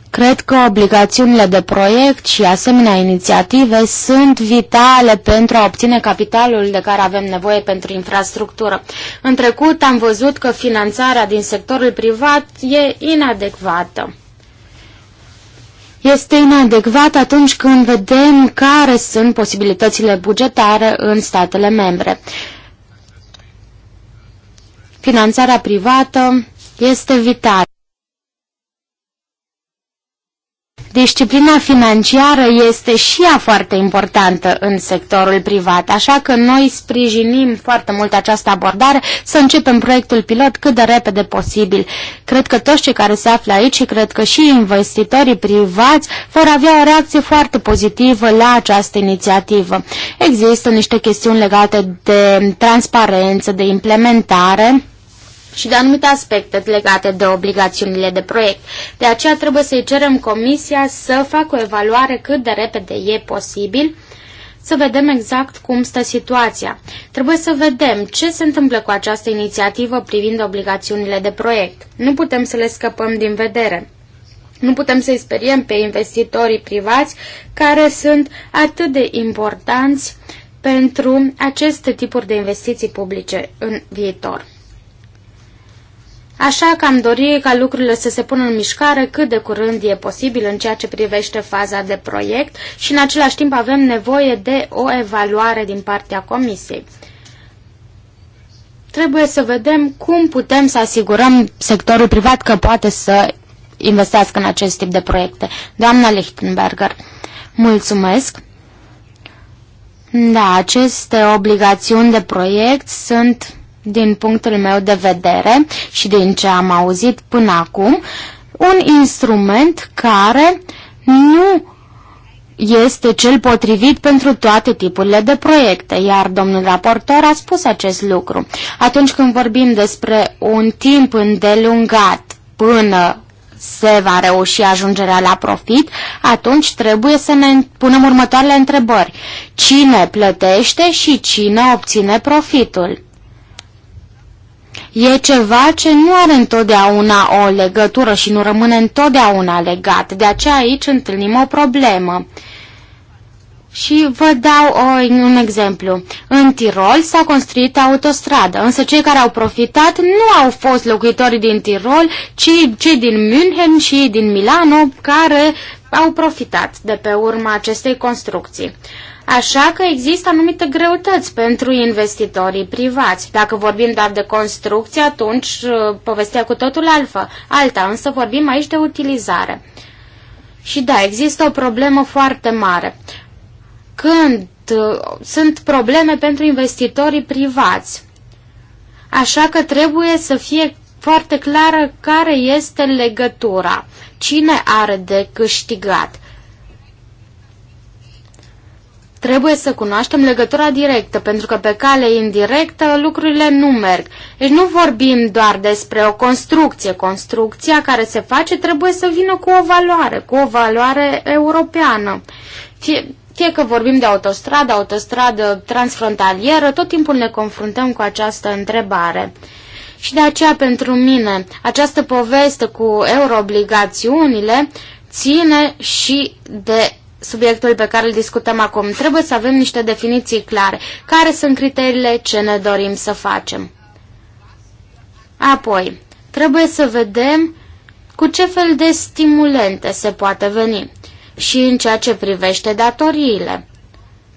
Cred că obligațiunile de proiect și asemenea inițiative sunt vitale pentru a obține capitalul de care avem nevoie pentru infrastructură. În trecut am văzut că finanțarea din sectorul privat e inadecvată. Este inadecvat atunci când vedem care sunt posibilitățile bugetare în statele membre. Finanțarea privată este vitală. Disciplina financiară este și ea foarte importantă în sectorul privat, așa că noi sprijinim foarte mult această abordare să începem proiectul pilot cât de repede posibil. Cred că toți cei care se află aici și cred că și investitorii privați vor avea o reacție foarte pozitivă la această inițiativă. Există niște chestiuni legate de transparență, de implementare și de anumite aspecte legate de obligațiunile de proiect. De aceea trebuie să-i cerem comisia să facă o evaluare cât de repede e posibil să vedem exact cum stă situația. Trebuie să vedem ce se întâmplă cu această inițiativă privind obligațiunile de proiect. Nu putem să le scăpăm din vedere. Nu putem să-i speriem pe investitorii privați care sunt atât de importanți pentru aceste tipuri de investiții publice în viitor. Așa că am dori ca lucrurile să se pună în mișcare cât de curând e posibil în ceea ce privește faza de proiect și în același timp avem nevoie de o evaluare din partea Comisiei. Trebuie să vedem cum putem să asigurăm sectorul privat că poate să investească în acest tip de proiecte. Doamna Lichtenberger, mulțumesc! Da, aceste obligațiuni de proiect sunt din punctul meu de vedere și din ce am auzit până acum, un instrument care nu este cel potrivit pentru toate tipurile de proiecte, iar domnul raportor a spus acest lucru. Atunci când vorbim despre un timp îndelungat până se va reuși ajungerea la profit, atunci trebuie să ne punem următoarele întrebări. Cine plătește și cine obține profitul? E ceva ce nu are întotdeauna o legătură și nu rămâne întotdeauna legat. De aceea aici întâlnim o problemă. Și vă dau o, un exemplu. În Tirol s-a construit autostradă, însă cei care au profitat nu au fost locuitorii din Tirol, ci cei din München și din Milano care au profitat de pe urma acestei construcții. Așa că există anumite greutăți pentru investitorii privați. Dacă vorbim doar de construcție, atunci uh, povestea cu totul alfa, alta, însă vorbim aici de utilizare. Și da, există o problemă foarte mare. Când uh, sunt probleme pentru investitorii privați. Așa că trebuie să fie foarte clară care este legătura, cine are de câștigat. Trebuie să cunoaștem legătura directă, pentru că pe cale indirectă lucrurile nu merg. Deci nu vorbim doar despre o construcție. Construcția care se face trebuie să vină cu o valoare, cu o valoare europeană. Fie, fie că vorbim de autostradă, autostradă transfrontalieră, tot timpul ne confruntăm cu această întrebare. Și de aceea, pentru mine, această poveste cu euroobligațiunile ține și de subiectul pe care îl discutăm acum. Trebuie să avem niște definiții clare. Care sunt criteriile ce ne dorim să facem? Apoi, trebuie să vedem cu ce fel de stimulente se poate veni și în ceea ce privește datoriile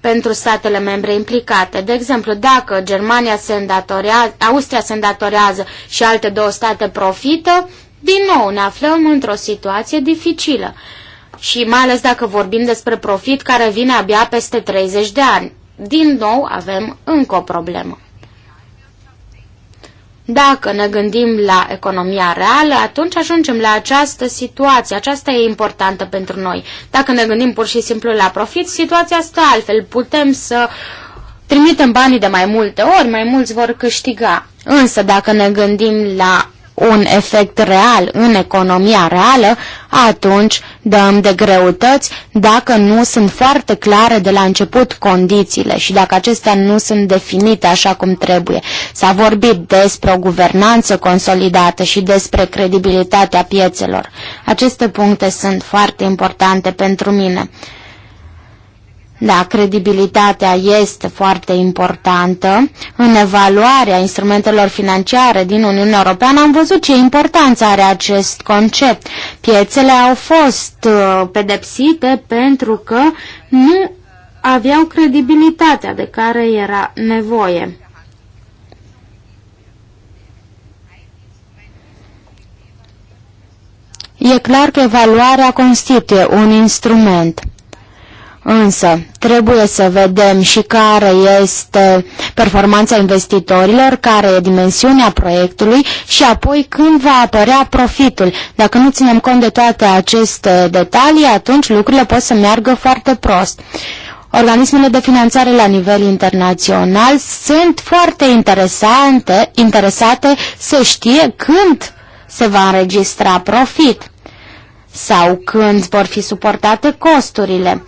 pentru statele membre implicate. De exemplu, dacă Germania se îndatorează, Austria se îndatorează și alte două state profită, din nou ne aflăm într-o situație dificilă și mai ales dacă vorbim despre profit care vine abia peste 30 de ani. Din nou avem încă o problemă. Dacă ne gândim la economia reală, atunci ajungem la această situație. Aceasta e importantă pentru noi. Dacă ne gândim pur și simplu la profit, situația stă altfel. Putem să trimitem banii de mai multe ori, mai mulți vor câștiga. Însă dacă ne gândim la un efect real în economia reală, atunci dăm de greutăți dacă nu sunt foarte clare de la început condițiile și dacă acestea nu sunt definite așa cum trebuie. S-a vorbit despre o guvernanță consolidată și despre credibilitatea piețelor. Aceste puncte sunt foarte importante pentru mine. Da, credibilitatea este foarte importantă. În evaluarea instrumentelor financiare din Uniunea Europeană am văzut ce importanță are acest concept. Piețele au fost uh, pedepsite pentru că nu aveau credibilitatea de care era nevoie. E clar că evaluarea constituie un instrument. Însă, trebuie să vedem și care este performanța investitorilor, care e dimensiunea proiectului și apoi când va apărea profitul. Dacă nu ținem cont de toate aceste detalii, atunci lucrurile pot să meargă foarte prost. Organismele de finanțare la nivel internațional sunt foarte interesante, interesate să știe când se va înregistra profit sau când vor fi suportate costurile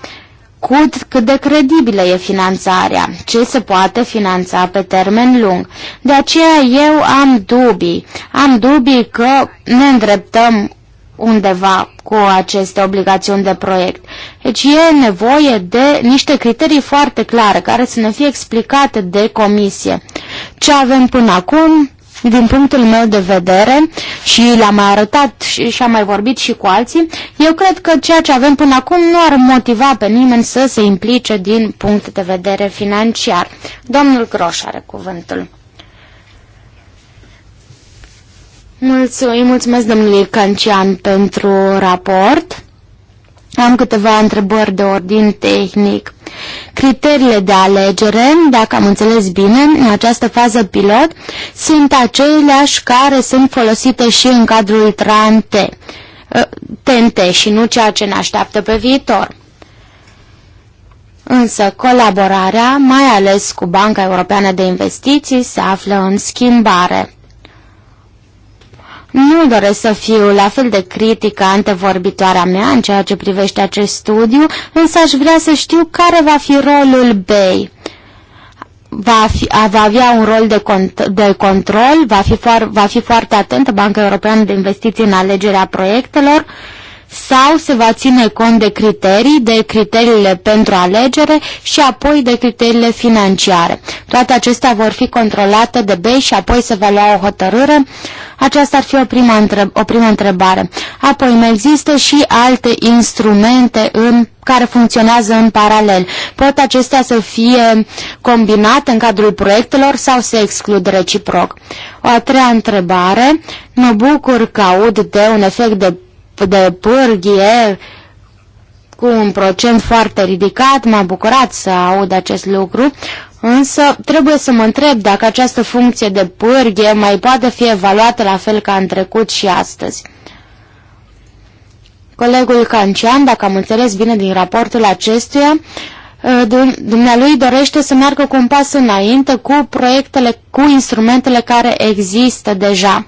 cât, cât de credibilă e finanțarea, ce se poate finanța pe termen lung. De aceea eu am dubii. Am dubii că ne îndreptăm undeva cu aceste obligațiuni de proiect. Deci e nevoie de niște criterii foarte clare care să ne fie explicate de comisie. Ce avem până acum din punctul meu de vedere, și l-am mai arătat și, și am mai vorbit și cu alții, eu cred că ceea ce avem până acum nu ar motiva pe nimeni să se implice din punct de vedere financiar. Domnul Groș are cuvântul. Mulțumim, mulțumesc domnului Cancian pentru raport. Am câteva întrebări de ordin tehnic. Criteriile de alegere, dacă am înțeles bine, în această fază pilot, sunt aceleași care sunt folosite și în cadrul TRANT, TNT ă, și nu ceea ce ne așteaptă pe viitor. Însă colaborarea, mai ales cu Banca Europeană de Investiții, se află în schimbare. Nu doresc să fiu la fel de critică antevorbitoarea mea în ceea ce privește acest studiu, însă aș vrea să știu care va fi rolul Bay. Va, fi, va avea un rol de, cont, de control, va fi, foar, va fi foarte atentă Banca Europeană de Investiții în alegerea proiectelor, uh, sau se va ține cont de criterii, de criteriile pentru alegere și apoi de criteriile financiare. Toate acestea vor fi controlate de BEI și apoi se va lua o hotărâre. Aceasta ar fi o prima întreb o prima întrebare. Apoi mai există și alte instrumente în care funcționează în paralel. Pot acestea să fie combinate în cadrul proiectelor sau se exclud reciproc? O a treia întrebare. Mă bucur că aud de un efect de de pârghie cu un procent foarte ridicat, m-a bucurat să aud acest lucru, însă trebuie să mă întreb dacă această funcție de pârghie mai poate fi evaluată la fel ca în trecut și astăzi. Colegul Cancian, dacă am înțeles bine din raportul acestuia, eh, dumnealui dorește să meargă cu un pas înainte cu proiectele, cu instrumentele care există deja.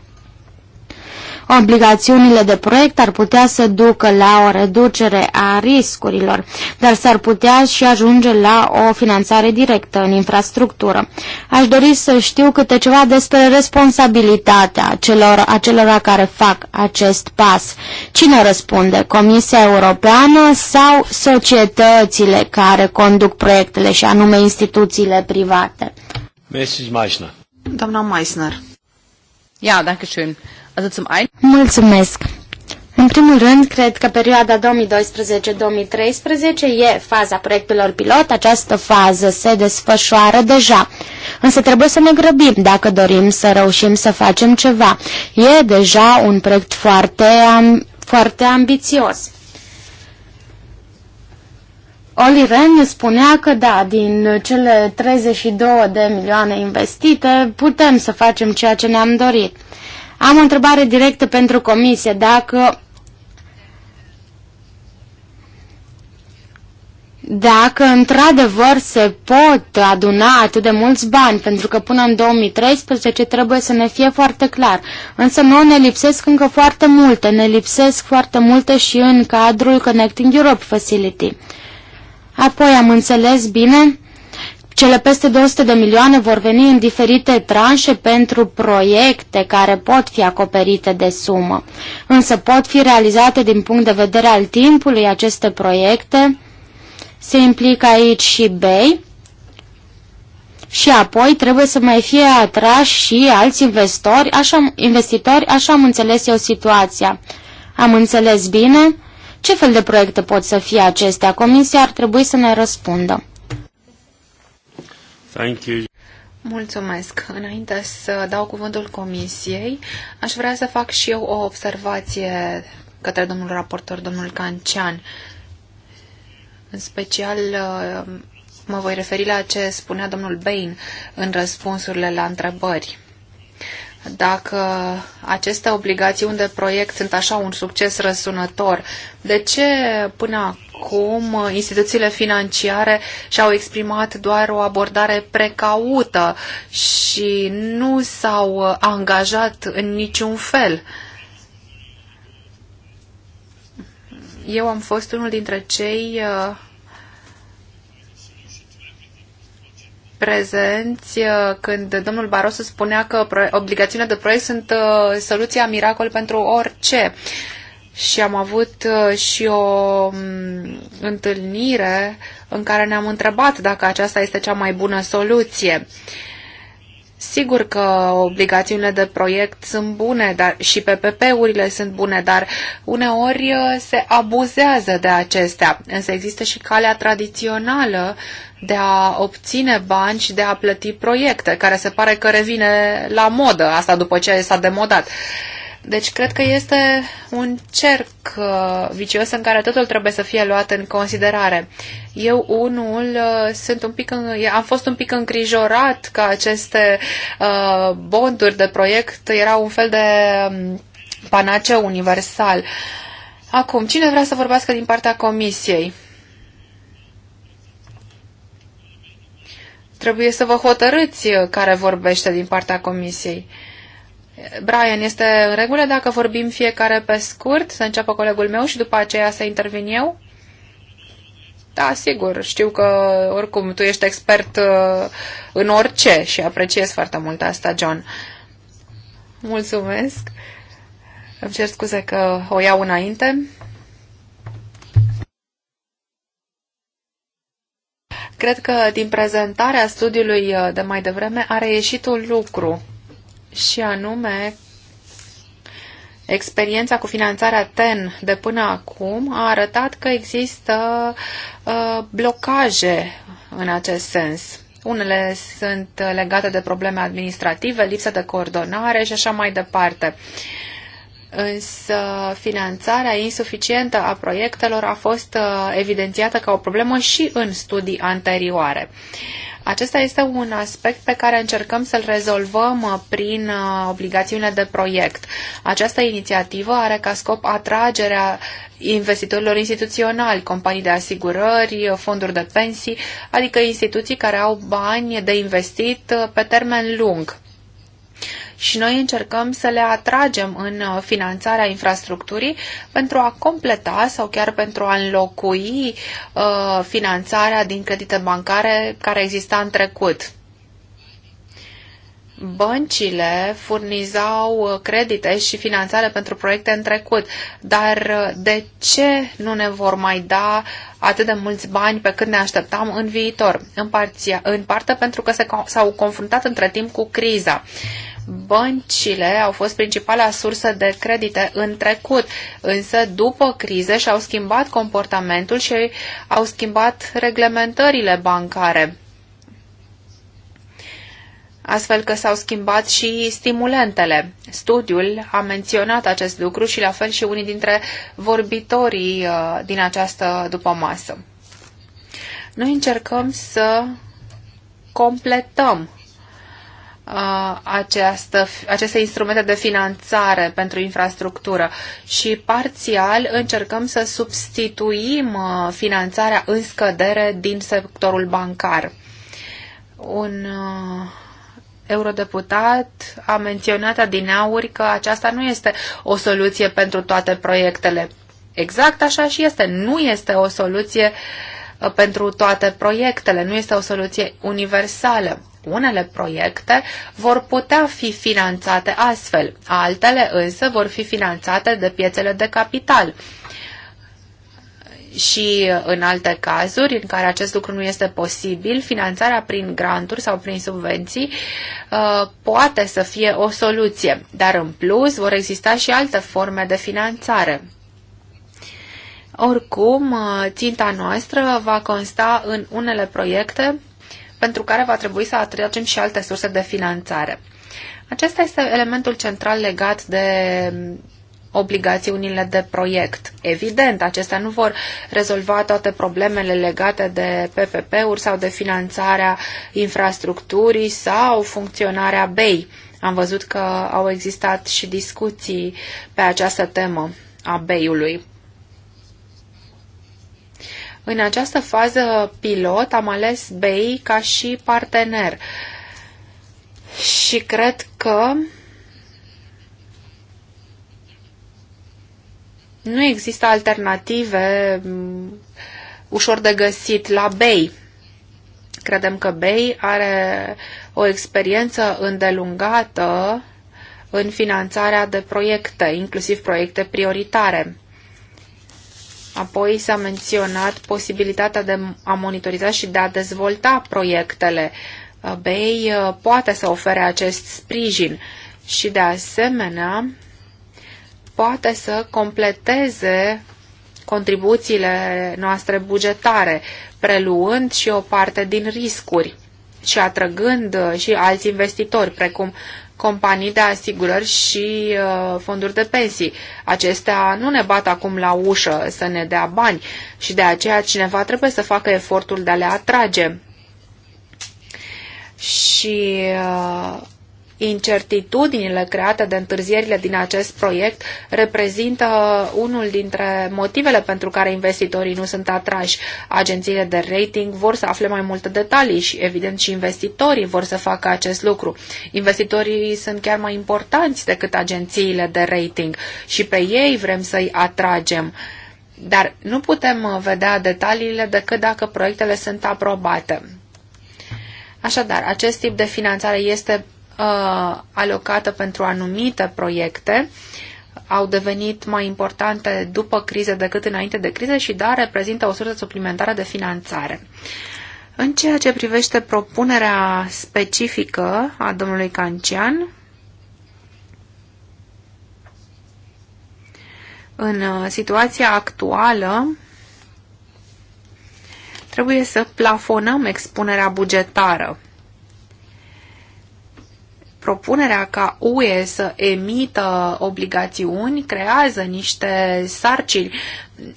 Obligațiunile de proiect ar putea să ducă la o reducere a riscurilor, dar s-ar putea și ajunge la o finanțare directă în infrastructură. Aș dori să știu câte ceva despre responsabilitatea celor, acelora care fac acest pas. Cine răspunde? Comisia Europeană sau societățile care conduc proiectele și anume instituțiile private? Mrs. Meissner. Doamna Meissner. Ja, danke schön. Mulțumesc! În primul rând, cred că perioada 2012-2013 e faza proiectelor pilot. Această fază se desfășoară deja. Însă trebuie să ne grăbim dacă dorim să reușim să facem ceva. E deja un proiect foarte, am, foarte ambițios. Oli Ren spunea că da, din cele 32 de milioane investite putem să facem ceea ce ne-am dorit. Am o întrebare directă pentru comisie. Dacă dacă într-adevăr se pot aduna atât de mulți bani, pentru că până în 2013 trebuie să ne fie foarte clar. Însă nu ne lipsesc încă foarte multe, ne lipsesc foarte multe și în cadrul Connecting Europe Facility. Apoi am înțeles bine cele peste 200 de milioane vor veni în diferite tranșe pentru proiecte care pot fi acoperite de sumă, însă pot fi realizate din punct de vedere al timpului aceste proiecte. Se implică aici și BEI și apoi trebuie să mai fie atrași și alți investitori, așa, investitori, așa am înțeles eu situația. Am înțeles bine? Ce fel de proiecte pot să fie acestea? Comisia ar trebui să ne răspundă. Thank you. Mulțumesc. Înainte să dau cuvântul comisiei, aș vrea să fac și eu o observație către domnul raportor, domnul Cancian. În special mă voi referi la ce spunea domnul Bain în răspunsurile la întrebări dacă aceste obligațiuni de proiect sunt așa un succes răsunător, de ce până acum instituțiile financiare și-au exprimat doar o abordare precaută și nu s-au angajat în niciun fel? Eu am fost unul dintre cei uh, prezenți uh, când domnul Barosu spunea că obligațiunile de proiect sunt uh, soluția miracol pentru orice. Și am avut uh, și o mm, întâlnire în care ne-am întrebat dacă aceasta este cea mai bună soluție. Uh, Sigur că obligațiunile de proiect sunt bune dar și PPP-urile sunt bune, dar uneori uh, se abuzează de acestea. Însă există și calea tradițională de a obține bani și de a plăti proiecte, care se pare că revine la modă, asta după ce s-a demodat. Uh, deci cred că este un cerc uh, vicios în care totul trebuie să fie luat în considerare. Eu unul uh, sunt un pic în, am fost un pic îngrijorat că aceste uh, bonduri de proiect erau un fel de um, panaceu universal. Acum, cine vrea să vorbească din partea comisiei? Trebuie să vă hotărâți care vorbește din partea comisiei. Uh, Brian, este în regulă dacă vorbim fiecare pe scurt, să înceapă colegul meu și după aceea să intervin eu? Da, sigur, știu că oricum tu ești expert uh, în orice și apreciez foarte mult asta, John. Mulțumesc. Îmi cer scuze că o iau înainte. Cred că din prezentarea studiului uh, de mai devreme a reieșit un lucru și anume experiența cu finanțarea TEN de până acum a arătat că există uh, blocaje în acest sens. Unele sunt legate de probleme administrative, lipsă de coordonare și așa mai departe. Uh, însă finanțarea insuficientă a proiectelor a fost uh, evidențiată ca o problemă și în studii anterioare. Acesta este un aspect pe care încercăm să-l rezolvăm uh, prin uh, obligațiunile de proiect. Această inițiativă are ca scop atragerea investitorilor instituționali, companii de asigurări, fonduri de pensii, adică instituții care au bani de investit pe termen lung și noi încercăm să le atragem în uh, finanțarea infrastructurii pentru a completa sau chiar pentru a înlocui uh, finanțarea din credite bancare care exista în trecut băncile furnizau uh, credite și finanțare pentru proiecte în trecut, dar uh, de ce nu ne vor mai da atât de mulți bani pe cât ne așteptam în viitor? În, parția, în parte pentru că se, s-au confruntat între timp cu criza. Uh, Băncile au fost principala sursă de credite în trecut, însă după crize și-au schimbat comportamentul și au schimbat reglementările bancare. Astfel că s-au schimbat și stimulentele. Studiul a menționat acest lucru și la fel și unii dintre vorbitorii uh, din această dupămasă. Noi încercăm să completăm această, aceste instrumente de finanțare pentru infrastructură și parțial încercăm să substituim uh, finanțarea în scădere din sectorul bancar. Un uh, eurodeputat a menționat adineauri că aceasta nu este o soluție pentru toate proiectele. Exact așa și este. Nu este o soluție uh, pentru toate proiectele, nu este o soluție universală unele proiecte vor putea fi finanțate astfel, altele însă vor fi finanțate de piețele de capital și în alte cazuri în care acest lucru nu este posibil, finanțarea prin granturi sau prin subvenții uh, poate să fie o soluție, dar în plus vor exista și alte forme de finanțare. Oricum, uh, ținta noastră va consta în unele proiecte pentru care va trebui să atragem și alte surse de finanțare. Acesta este elementul central legat de obligațiunile de proiect. Evident, acestea nu vor rezolva toate problemele legate de PPP-uri sau de finanțarea infrastructurii sau funcționarea BEI. Am văzut că au existat și discuții pe această temă a BEI-ului. În această fază pilot am ales Bay ca și partener și cred că nu există alternative mm, ușor de găsit la BEI. Credem că BEI are o experiență îndelungată în finanțarea de proiecte, inclusiv proiecte prioritare. Apoi s-a menționat posibilitatea de a monitoriza și de a dezvolta proiectele. Uh, BEI uh, poate să ofere acest sprijin și, de asemenea, poate să completeze contribuțiile noastre bugetare, preluând și o parte din riscuri și atrăgând uh, și alți investitori, precum companii de asigurări și uh, fonduri de pensii. Acestea nu ne bat acum la ușă să ne dea bani și de aceea cineva trebuie să facă efortul de a le atrage. Și uh, Incertitudinile create de întârzierile din acest proiect reprezintă unul dintre motivele pentru care investitorii nu sunt atrași. Agențiile de rating vor să afle mai multe detalii și, evident, și investitorii vor să facă acest lucru. Investitorii sunt chiar mai importanți decât agențiile de rating și pe ei vrem să-i atragem dar nu putem vedea detaliile decât dacă proiectele sunt aprobate. Așadar, acest tip de finanțare este uh, alocată pentru anumite proiecte au devenit mai importante după criză decât înainte de criză și da, reprezintă o sursă suplimentară de finanțare. În ceea ce privește propunerea specifică a domnului Cancian, în uh, situația actuală, trebuie să plafonăm expunerea bugetară propunerea ca UE să emită obligațiuni creează niște sarcini,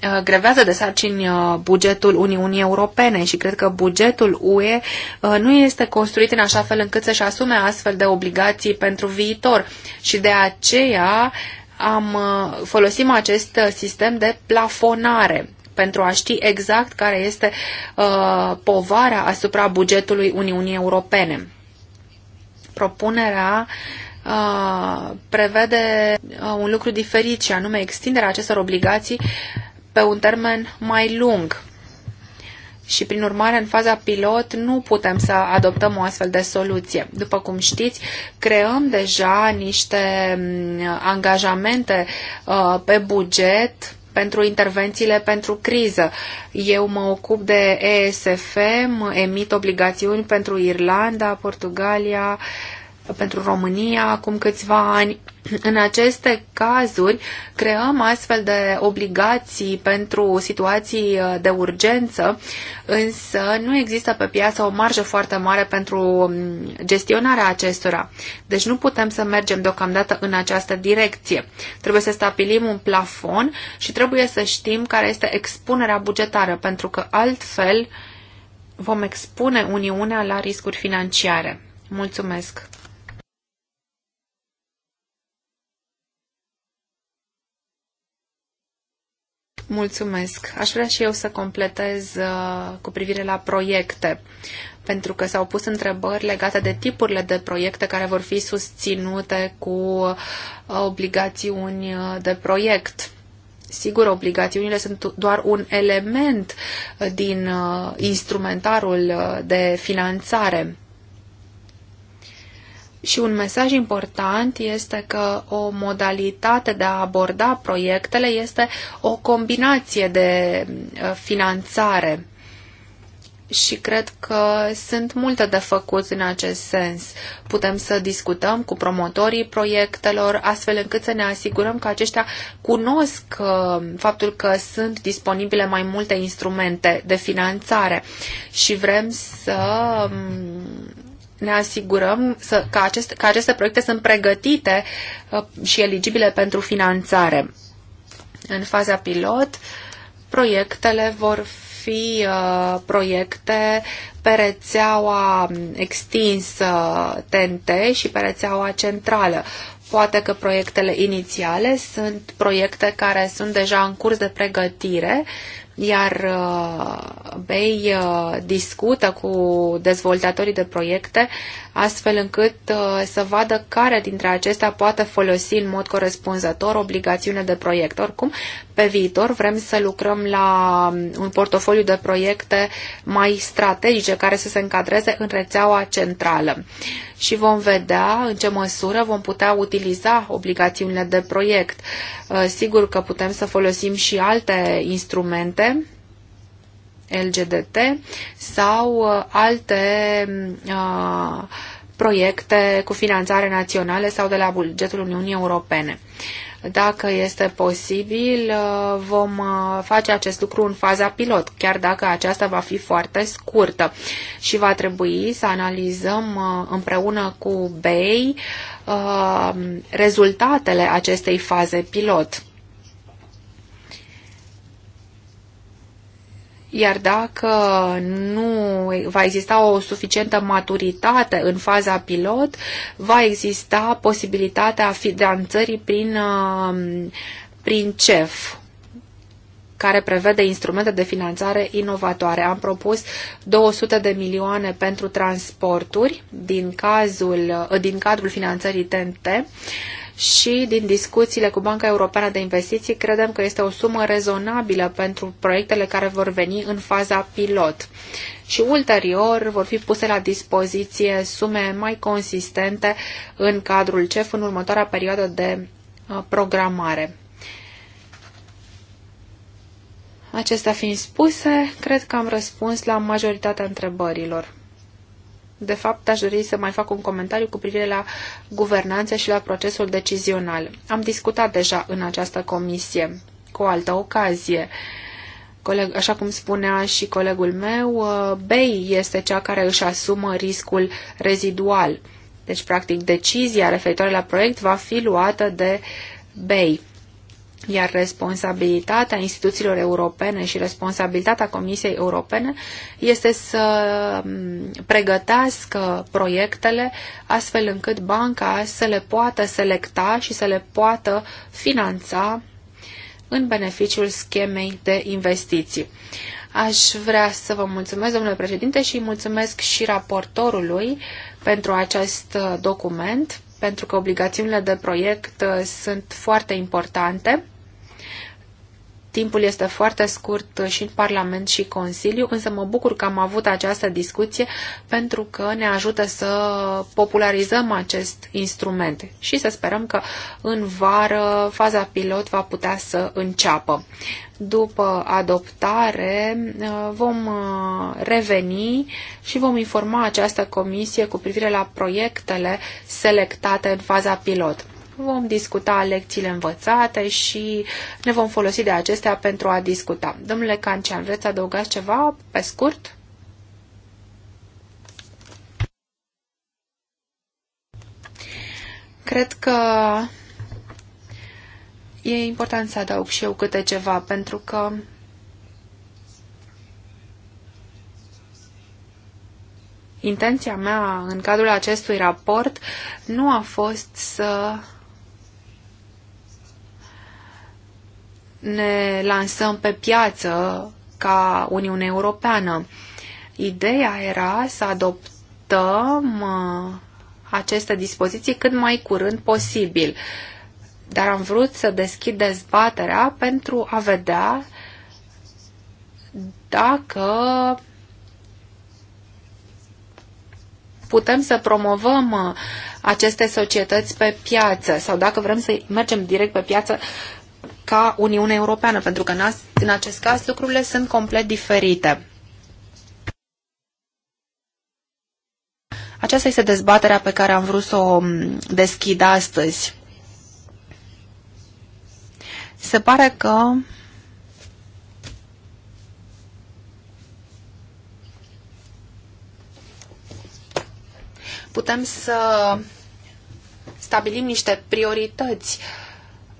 uh, grevează de sarcini uh, bugetul Uniunii Europene și cred că bugetul UE uh, nu este construit în așa fel încât să-și asume astfel de obligații pentru viitor și de aceea am, folosim acest sistem de plafonare pentru a ști exact care este uh, povara asupra bugetului Uniunii Europene propunerea uh, prevede uh, un lucru diferit și anume extinderea acestor obligații pe un termen mai lung. Și, prin urmare, în faza pilot nu putem să adoptăm o astfel de soluție. După cum știți, creăm deja niște mm, angajamente uh, pe buget pentru intervențiile pentru criză. Eu mă ocup de ESFM, emit obligațiuni pentru Irlanda, Portugalia, uh, pentru România acum câțiva ani. În aceste cazuri creăm astfel de obligații pentru situații uh, de urgență, însă nu există pe piață o marjă foarte mare pentru um, gestionarea acestora. Deci nu putem să mergem deocamdată în această direcție. Trebuie să stabilim un plafon și trebuie să știm care este expunerea bugetară, pentru că altfel vom expune Uniunea la riscuri financiare. Mulțumesc! Mulțumesc. Aș vrea și eu să completez uh, cu privire la proiecte, pentru că s-au pus întrebări legate de tipurile de proiecte care vor fi susținute cu uh, obligațiuni uh, de proiect. Sigur, obligațiunile sunt doar un element uh, din instrumentarul de finanțare. Și un mesaj important este că o modalitate de a aborda proiectele este o combinație de uh, finanțare. Și cred că sunt multe de făcut în acest sens. Putem să discutăm cu promotorii proiectelor, astfel încât să ne asigurăm că aceștia cunosc uh, faptul că sunt disponibile mai multe instrumente de finanțare și vrem să um, ne asigurăm să, că, acest, că aceste proiecte sunt pregătite uh, și eligibile pentru finanțare. În faza pilot, proiectele vor fi uh, proiecte pe rețeaua extinsă TNT și pe rețeaua centrală. Poate că proiectele inițiale sunt proiecte care sunt deja în curs de pregătire iar uh, Bay uh, discută cu dezvoltatorii de proiecte astfel încât uh, să vadă care dintre acestea poate folosi în mod corespunzător obligațiune de proiect. Oricum, pe viitor vrem să lucrăm la um, un portofoliu de proiecte mai strategice care să se încadreze în rețeaua centrală și vom vedea în ce măsură vom putea utiliza obligațiunile de proiect. Sigur că putem să folosim și alte instrumente LGDT sau uh, alte uh, proiecte cu finanțare naționale sau de la bugetul Uniunii Europene. Dacă este posibil, uh, vom face acest lucru în faza pilot, chiar dacă aceasta va fi foarte scurtă și va trebui să analizăm împreună cu BEI rezultatele acestei faze pilot Iar dacă nu va exista o suficientă maturitate în faza pilot, va exista posibilitatea finanțării prin, uh, prin CEF care prevede instrumente de finanțare inovatoare. Am propus 200 de milioane pentru transporturi din, cazul, uh, din cadrul finanțării TNT și din discuțiile cu Banca Europeană de Investiții credem că este o sumă rezonabilă pentru proiectele care vor veni în faza pilot. Și ulterior vor fi puse la dispoziție sume mai consistente în cadrul CEF în următoarea perioadă de uh, programare. Acestea fiind spuse, cred că am răspuns la majoritatea întrebărilor. De fapt, aș dori să mai fac un comentariu cu privire la guvernanță și la procesul decizional. Am discutat deja în această comisie cu o altă ocazie. Coleg, așa cum spunea și colegul meu, uh, BEI este cea care își asumă riscul rezidual. Deci, practic, decizia referitoare la proiect va fi luată de BEI iar responsabilitatea instituțiilor europene și responsabilitatea Comisiei Europene este să mm, pregătească proiectele astfel încât banca să le poată selecta și să le poată finanța în beneficiul schemei de investiții. Aș vrea să vă mulțumesc, domnule președinte, și mulțumesc și raportorului pentru acest document, pentru că obligațiunile de proiect uh, sunt foarte importante Timpul este foarte scurt și în Parlament și Consiliu, însă mă bucur că am avut această discuție pentru că ne ajută să popularizăm acest instrument și să sperăm că în vară faza pilot va putea să înceapă. După adoptare vom uh, reveni și vom informa această comisie cu privire la proiectele selectate în faza pilot vom discuta lecțiile învățate și ne vom folosi de acestea pentru a discuta. Domnule Cancian, vreți adăugați ceva pe scurt? Cred că e important să adaug și eu câte ceva, pentru că intenția mea în cadrul acestui raport nu a fost să ne lansăm pe piață ca Uniune Europeană. Ideea era să adoptăm uh, aceste dispoziții cât mai curând posibil, dar am vrut să deschid dezbaterea pentru a vedea dacă putem să promovăm uh, aceste societăți pe piață sau dacă vrem să mergem direct pe piață ca Uniunea Europeană, pentru că în, acest caz lucrurile sunt complet diferite. Aceasta este dezbaterea pe care am vrut să o mm, deschid astăzi. Se pare că putem să stabilim niște priorități uh,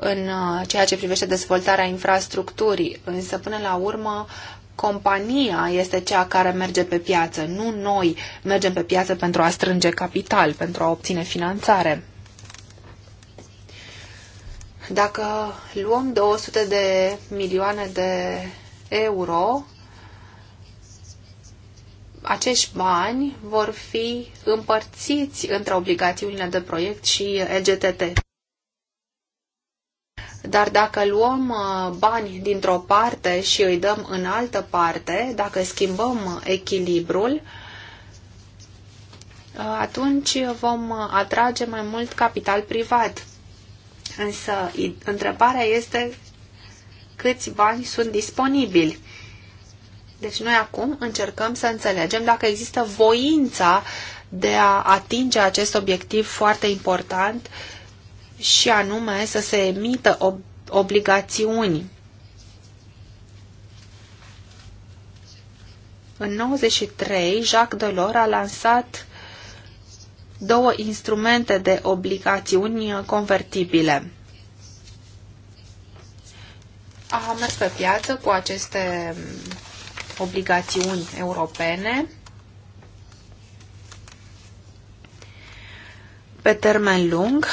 în uh, ceea ce privește dezvoltarea infrastructurii, însă până la urmă compania este cea care merge pe piață, nu noi mergem pe piață pentru a strânge capital, pentru a obține finanțare. Dacă luăm 200 de milioane de euro, acești bani vor fi împărțiți între obligațiunile de proiect și LGTT. Dar dacă luăm uh, bani dintr-o parte și îi dăm în altă parte, dacă schimbăm echilibrul, uh, atunci vom uh, atrage mai mult capital privat. Însă întrebarea este câți bani sunt disponibili. Deci noi acum încercăm să înțelegem dacă există voința de a atinge acest obiectiv foarte important și anume să se emită ob- obligațiuni. În 93, Jacques Delors a lansat două instrumente de obligațiuni convertibile. A mers pe piață cu aceste obligațiuni europene pe termen lung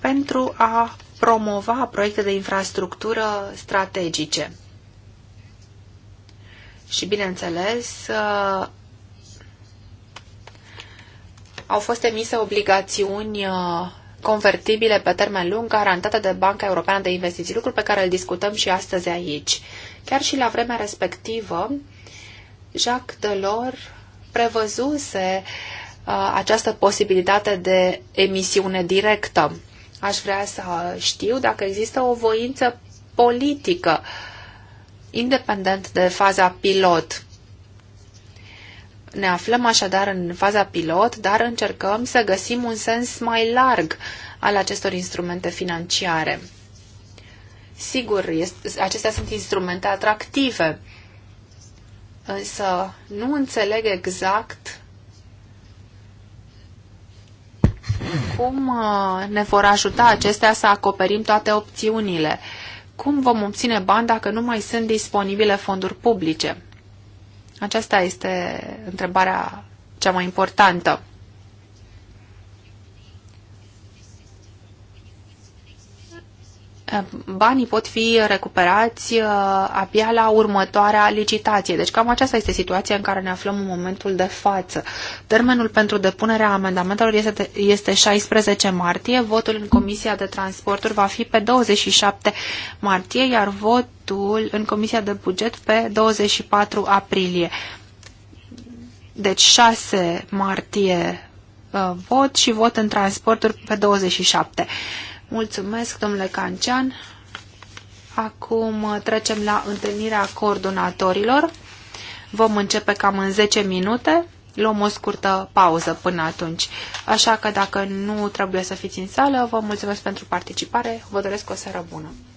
pentru a promova proiecte de infrastructură strategice. Și, bineînțeles, uh, au fost emise obligațiuni uh, convertibile pe termen lung garantate de Banca Europeană de Investiții, lucru pe care îl discutăm și astăzi aici. Chiar și la vremea respectivă, Jacques Delors prevăzuse uh, această posibilitate de emisiune directă. Aș vrea să știu dacă există o voință politică, independent de faza pilot. Ne aflăm așadar în faza pilot, dar încercăm să găsim un sens mai larg al acestor instrumente financiare. Sigur, este, acestea sunt instrumente atractive, însă nu înțeleg exact Cum uh, ne vor ajuta acestea să acoperim toate opțiunile? Cum vom obține bani dacă nu mai sunt disponibile fonduri publice? Aceasta este întrebarea cea mai importantă. banii pot fi recuperați uh, abia la următoarea licitație. Deci cam aceasta este situația în care ne aflăm în momentul de față. Termenul pentru depunerea amendamentelor este, de, este 16 martie, votul în Comisia de Transporturi va fi pe 27 martie, iar votul în Comisia de Buget pe 24 aprilie. Deci 6 martie uh, vot și vot în transporturi pe 27. Mulțumesc, domnule Cancian. Acum uh, trecem la întâlnirea coordonatorilor. Vom începe cam în 10 minute. Luăm o scurtă pauză până atunci. Așa că dacă nu trebuie să fiți în sală, vă mulțumesc pentru participare. Vă doresc o seară bună.